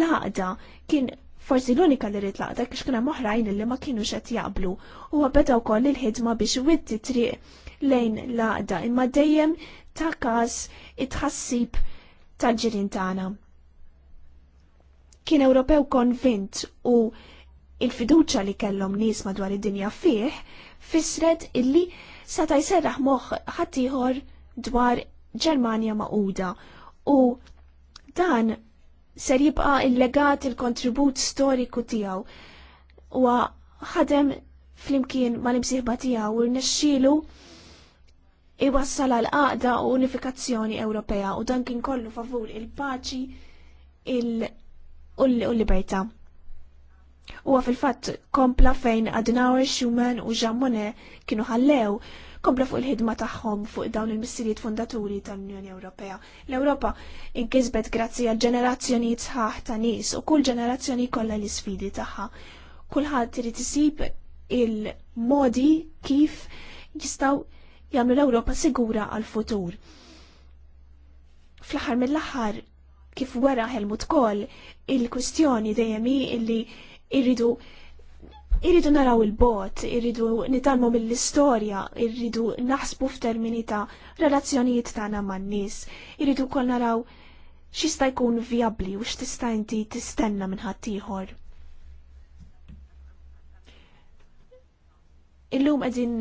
laqda kien Forsi l-unika li rrit laqda kiex kien hemm oħrajn li ma kienu qed jaqblu u beda wkoll il-ħidma biex widdi triq lejn laqda imma dejjem ta' każ itħassib ta' tal-ġirin tagħna. Kien Ewropew konvint u il-fiduċa li kellhom nies madwar id-dinja fih fisret illi seta' jserraħ moħħ ħaddieħor dwar Ġermanja maquda u dan ser jibqa il-legat il-kontribut storiku tijaw u ħadem flimkien ma l-imsiħba tijaw u i iwassal l qaqda u unifikazzjoni Ewropea u dan kien kollu favur il-paċi u l-libertà. U fil-fatt kompla fejn Adenauer, Schumann u Jean Monnet kienu ħallew kompla fuq il-ħidma tagħhom fuq dawn il missiriet fundaturi tal-Unjoni Ewropea. L-Ewropa inkisbet grazzi għal ġenerazzjoni sħaħ ta' nies u kull ġenerazzjoni kollha l-isfidi tagħha. Kulħadd irid isib il-modi kif jistgħu jagħmlu l-Ewropa sigura għal-futur. Fl-aħħar mill-aħħar kif wara Helmut Kohl, il-kwistjoni dejjem illi irridu il Irridu naraw il-bot, irridu nitalmu mill-istorja, irridu naħsbu f'termini ta' relazzjonijiet tagħna man-nies, irridu kol naraw x'ista' jkun vjabli u x'tista' inti tistenna minn ħaddieħor. Illum qegħdin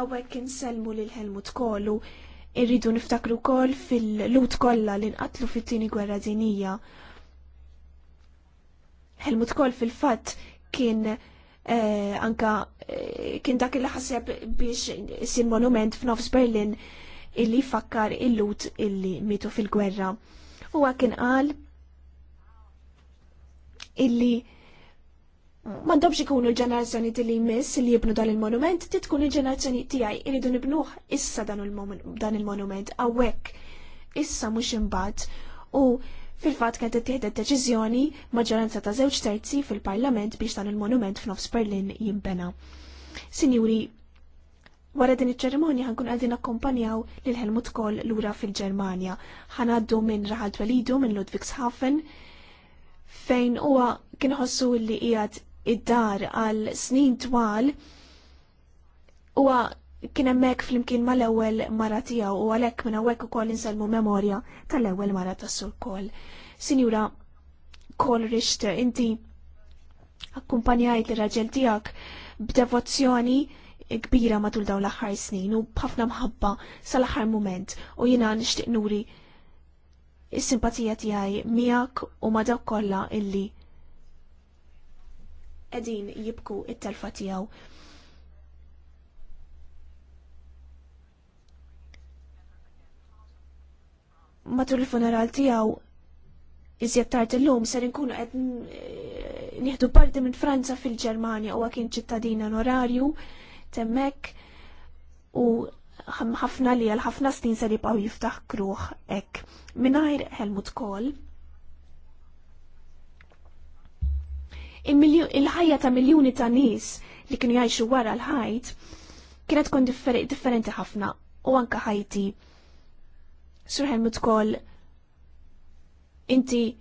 hawnhekk inselmu lil Helmut Kollu irridu niftakru kol fil-lut kollha li nqatlu fit-tieni gwerra dinija. Helmut Koll fil-fatt kien Eh, anka eh, kien dak il ħaseb biex sin monument f'Nofs Berlin illi fakkar il-lut illi mitu fil-gwerra. Huwa kien qal illi dobx ikunu l-ġenerazzjoni li jmiss li jibnu dan il-monument, titkun tkun il-ġenerazzjoni tiegħi iridu nibnuh issa dan il-monument għawek issa mhux imbagħad u Fil-fatt kienet ittieħdet deċiżjoni maġġoranza ta' żewġ terzi fil-Parlament biex dan il-monument f'nofs Berlin jimbena. Sinjuri, Wara din iċ-ċerimonja ħankun qegħdin akkompanjaw lil Helmut Kohl lura fil-Ġermanja. Ħanaddu minn Raħal Twelidu minn Ludwigshafen fejn huwa kien ħossu li qiegħed id-dar għal snin twal huwa kien hemmhekk flimkien mal-ewwel mara tiegħu u għalhekk minn hawnhekk ukoll insellmu memorja tal-ewwel mara tas-sur Kol. Sinjura Kolrixt, inti akkumpanjajt ir-raġel tiegħek b'devozzjoni kbira matul dawn l-aħħar snin u b'ħafna mħabba sal-aħħar mument u jiena nixtieq nuri is-simpatija tiegħi miegħek u ma dawk kollha illi qegħdin jibku it-telfa tiegħu matul il-funeral tiegħu iżjed tard illum ser inkunu qed eh, nieħdu parti minn Franza fil-Ġermanja u kien ċittadina onorarju temmek u ħafna li għal ħafna snin ser jibqgħu jiftaħ kruħ hekk. Mingħajr Helmut Kohl il-ħajja ta' miljuni ta' nies li kienu jgħajxu wara l-ħajt kienet tkun differenti ħafna u anka ħajti Sur Helmut inti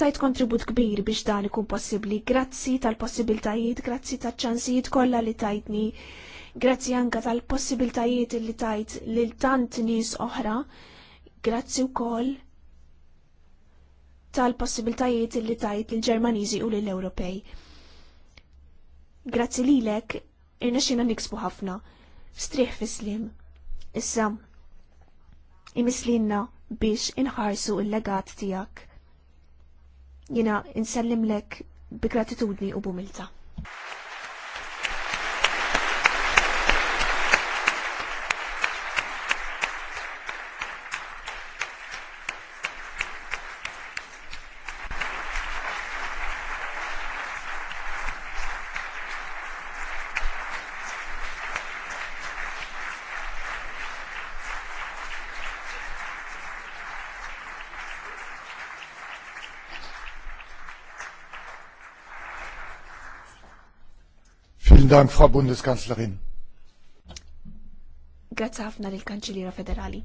tajt kontribut kbir biex dan ikun possibli. Grazzi tal-possibiltajiet, grazzi tal-ċansijiet kollha li tajtni, grazzi anka tal-possibiltajiet li tajt lil tant nies oħra, grazzi wkoll tal-possibiltajiet li tajt lil ġermaniżi u l Ewropej. Grazzi lilek, irnexxina niksbu ħafna. Strieħ fislim. Issa, imislinna biex inħarsu il-legat tijak. Jina insellimlek bi gratitudni u bumilta. Vielen Dank, Frau Bundeskanzlerin. Grazie ħafna lill-Kanċiliera Federali.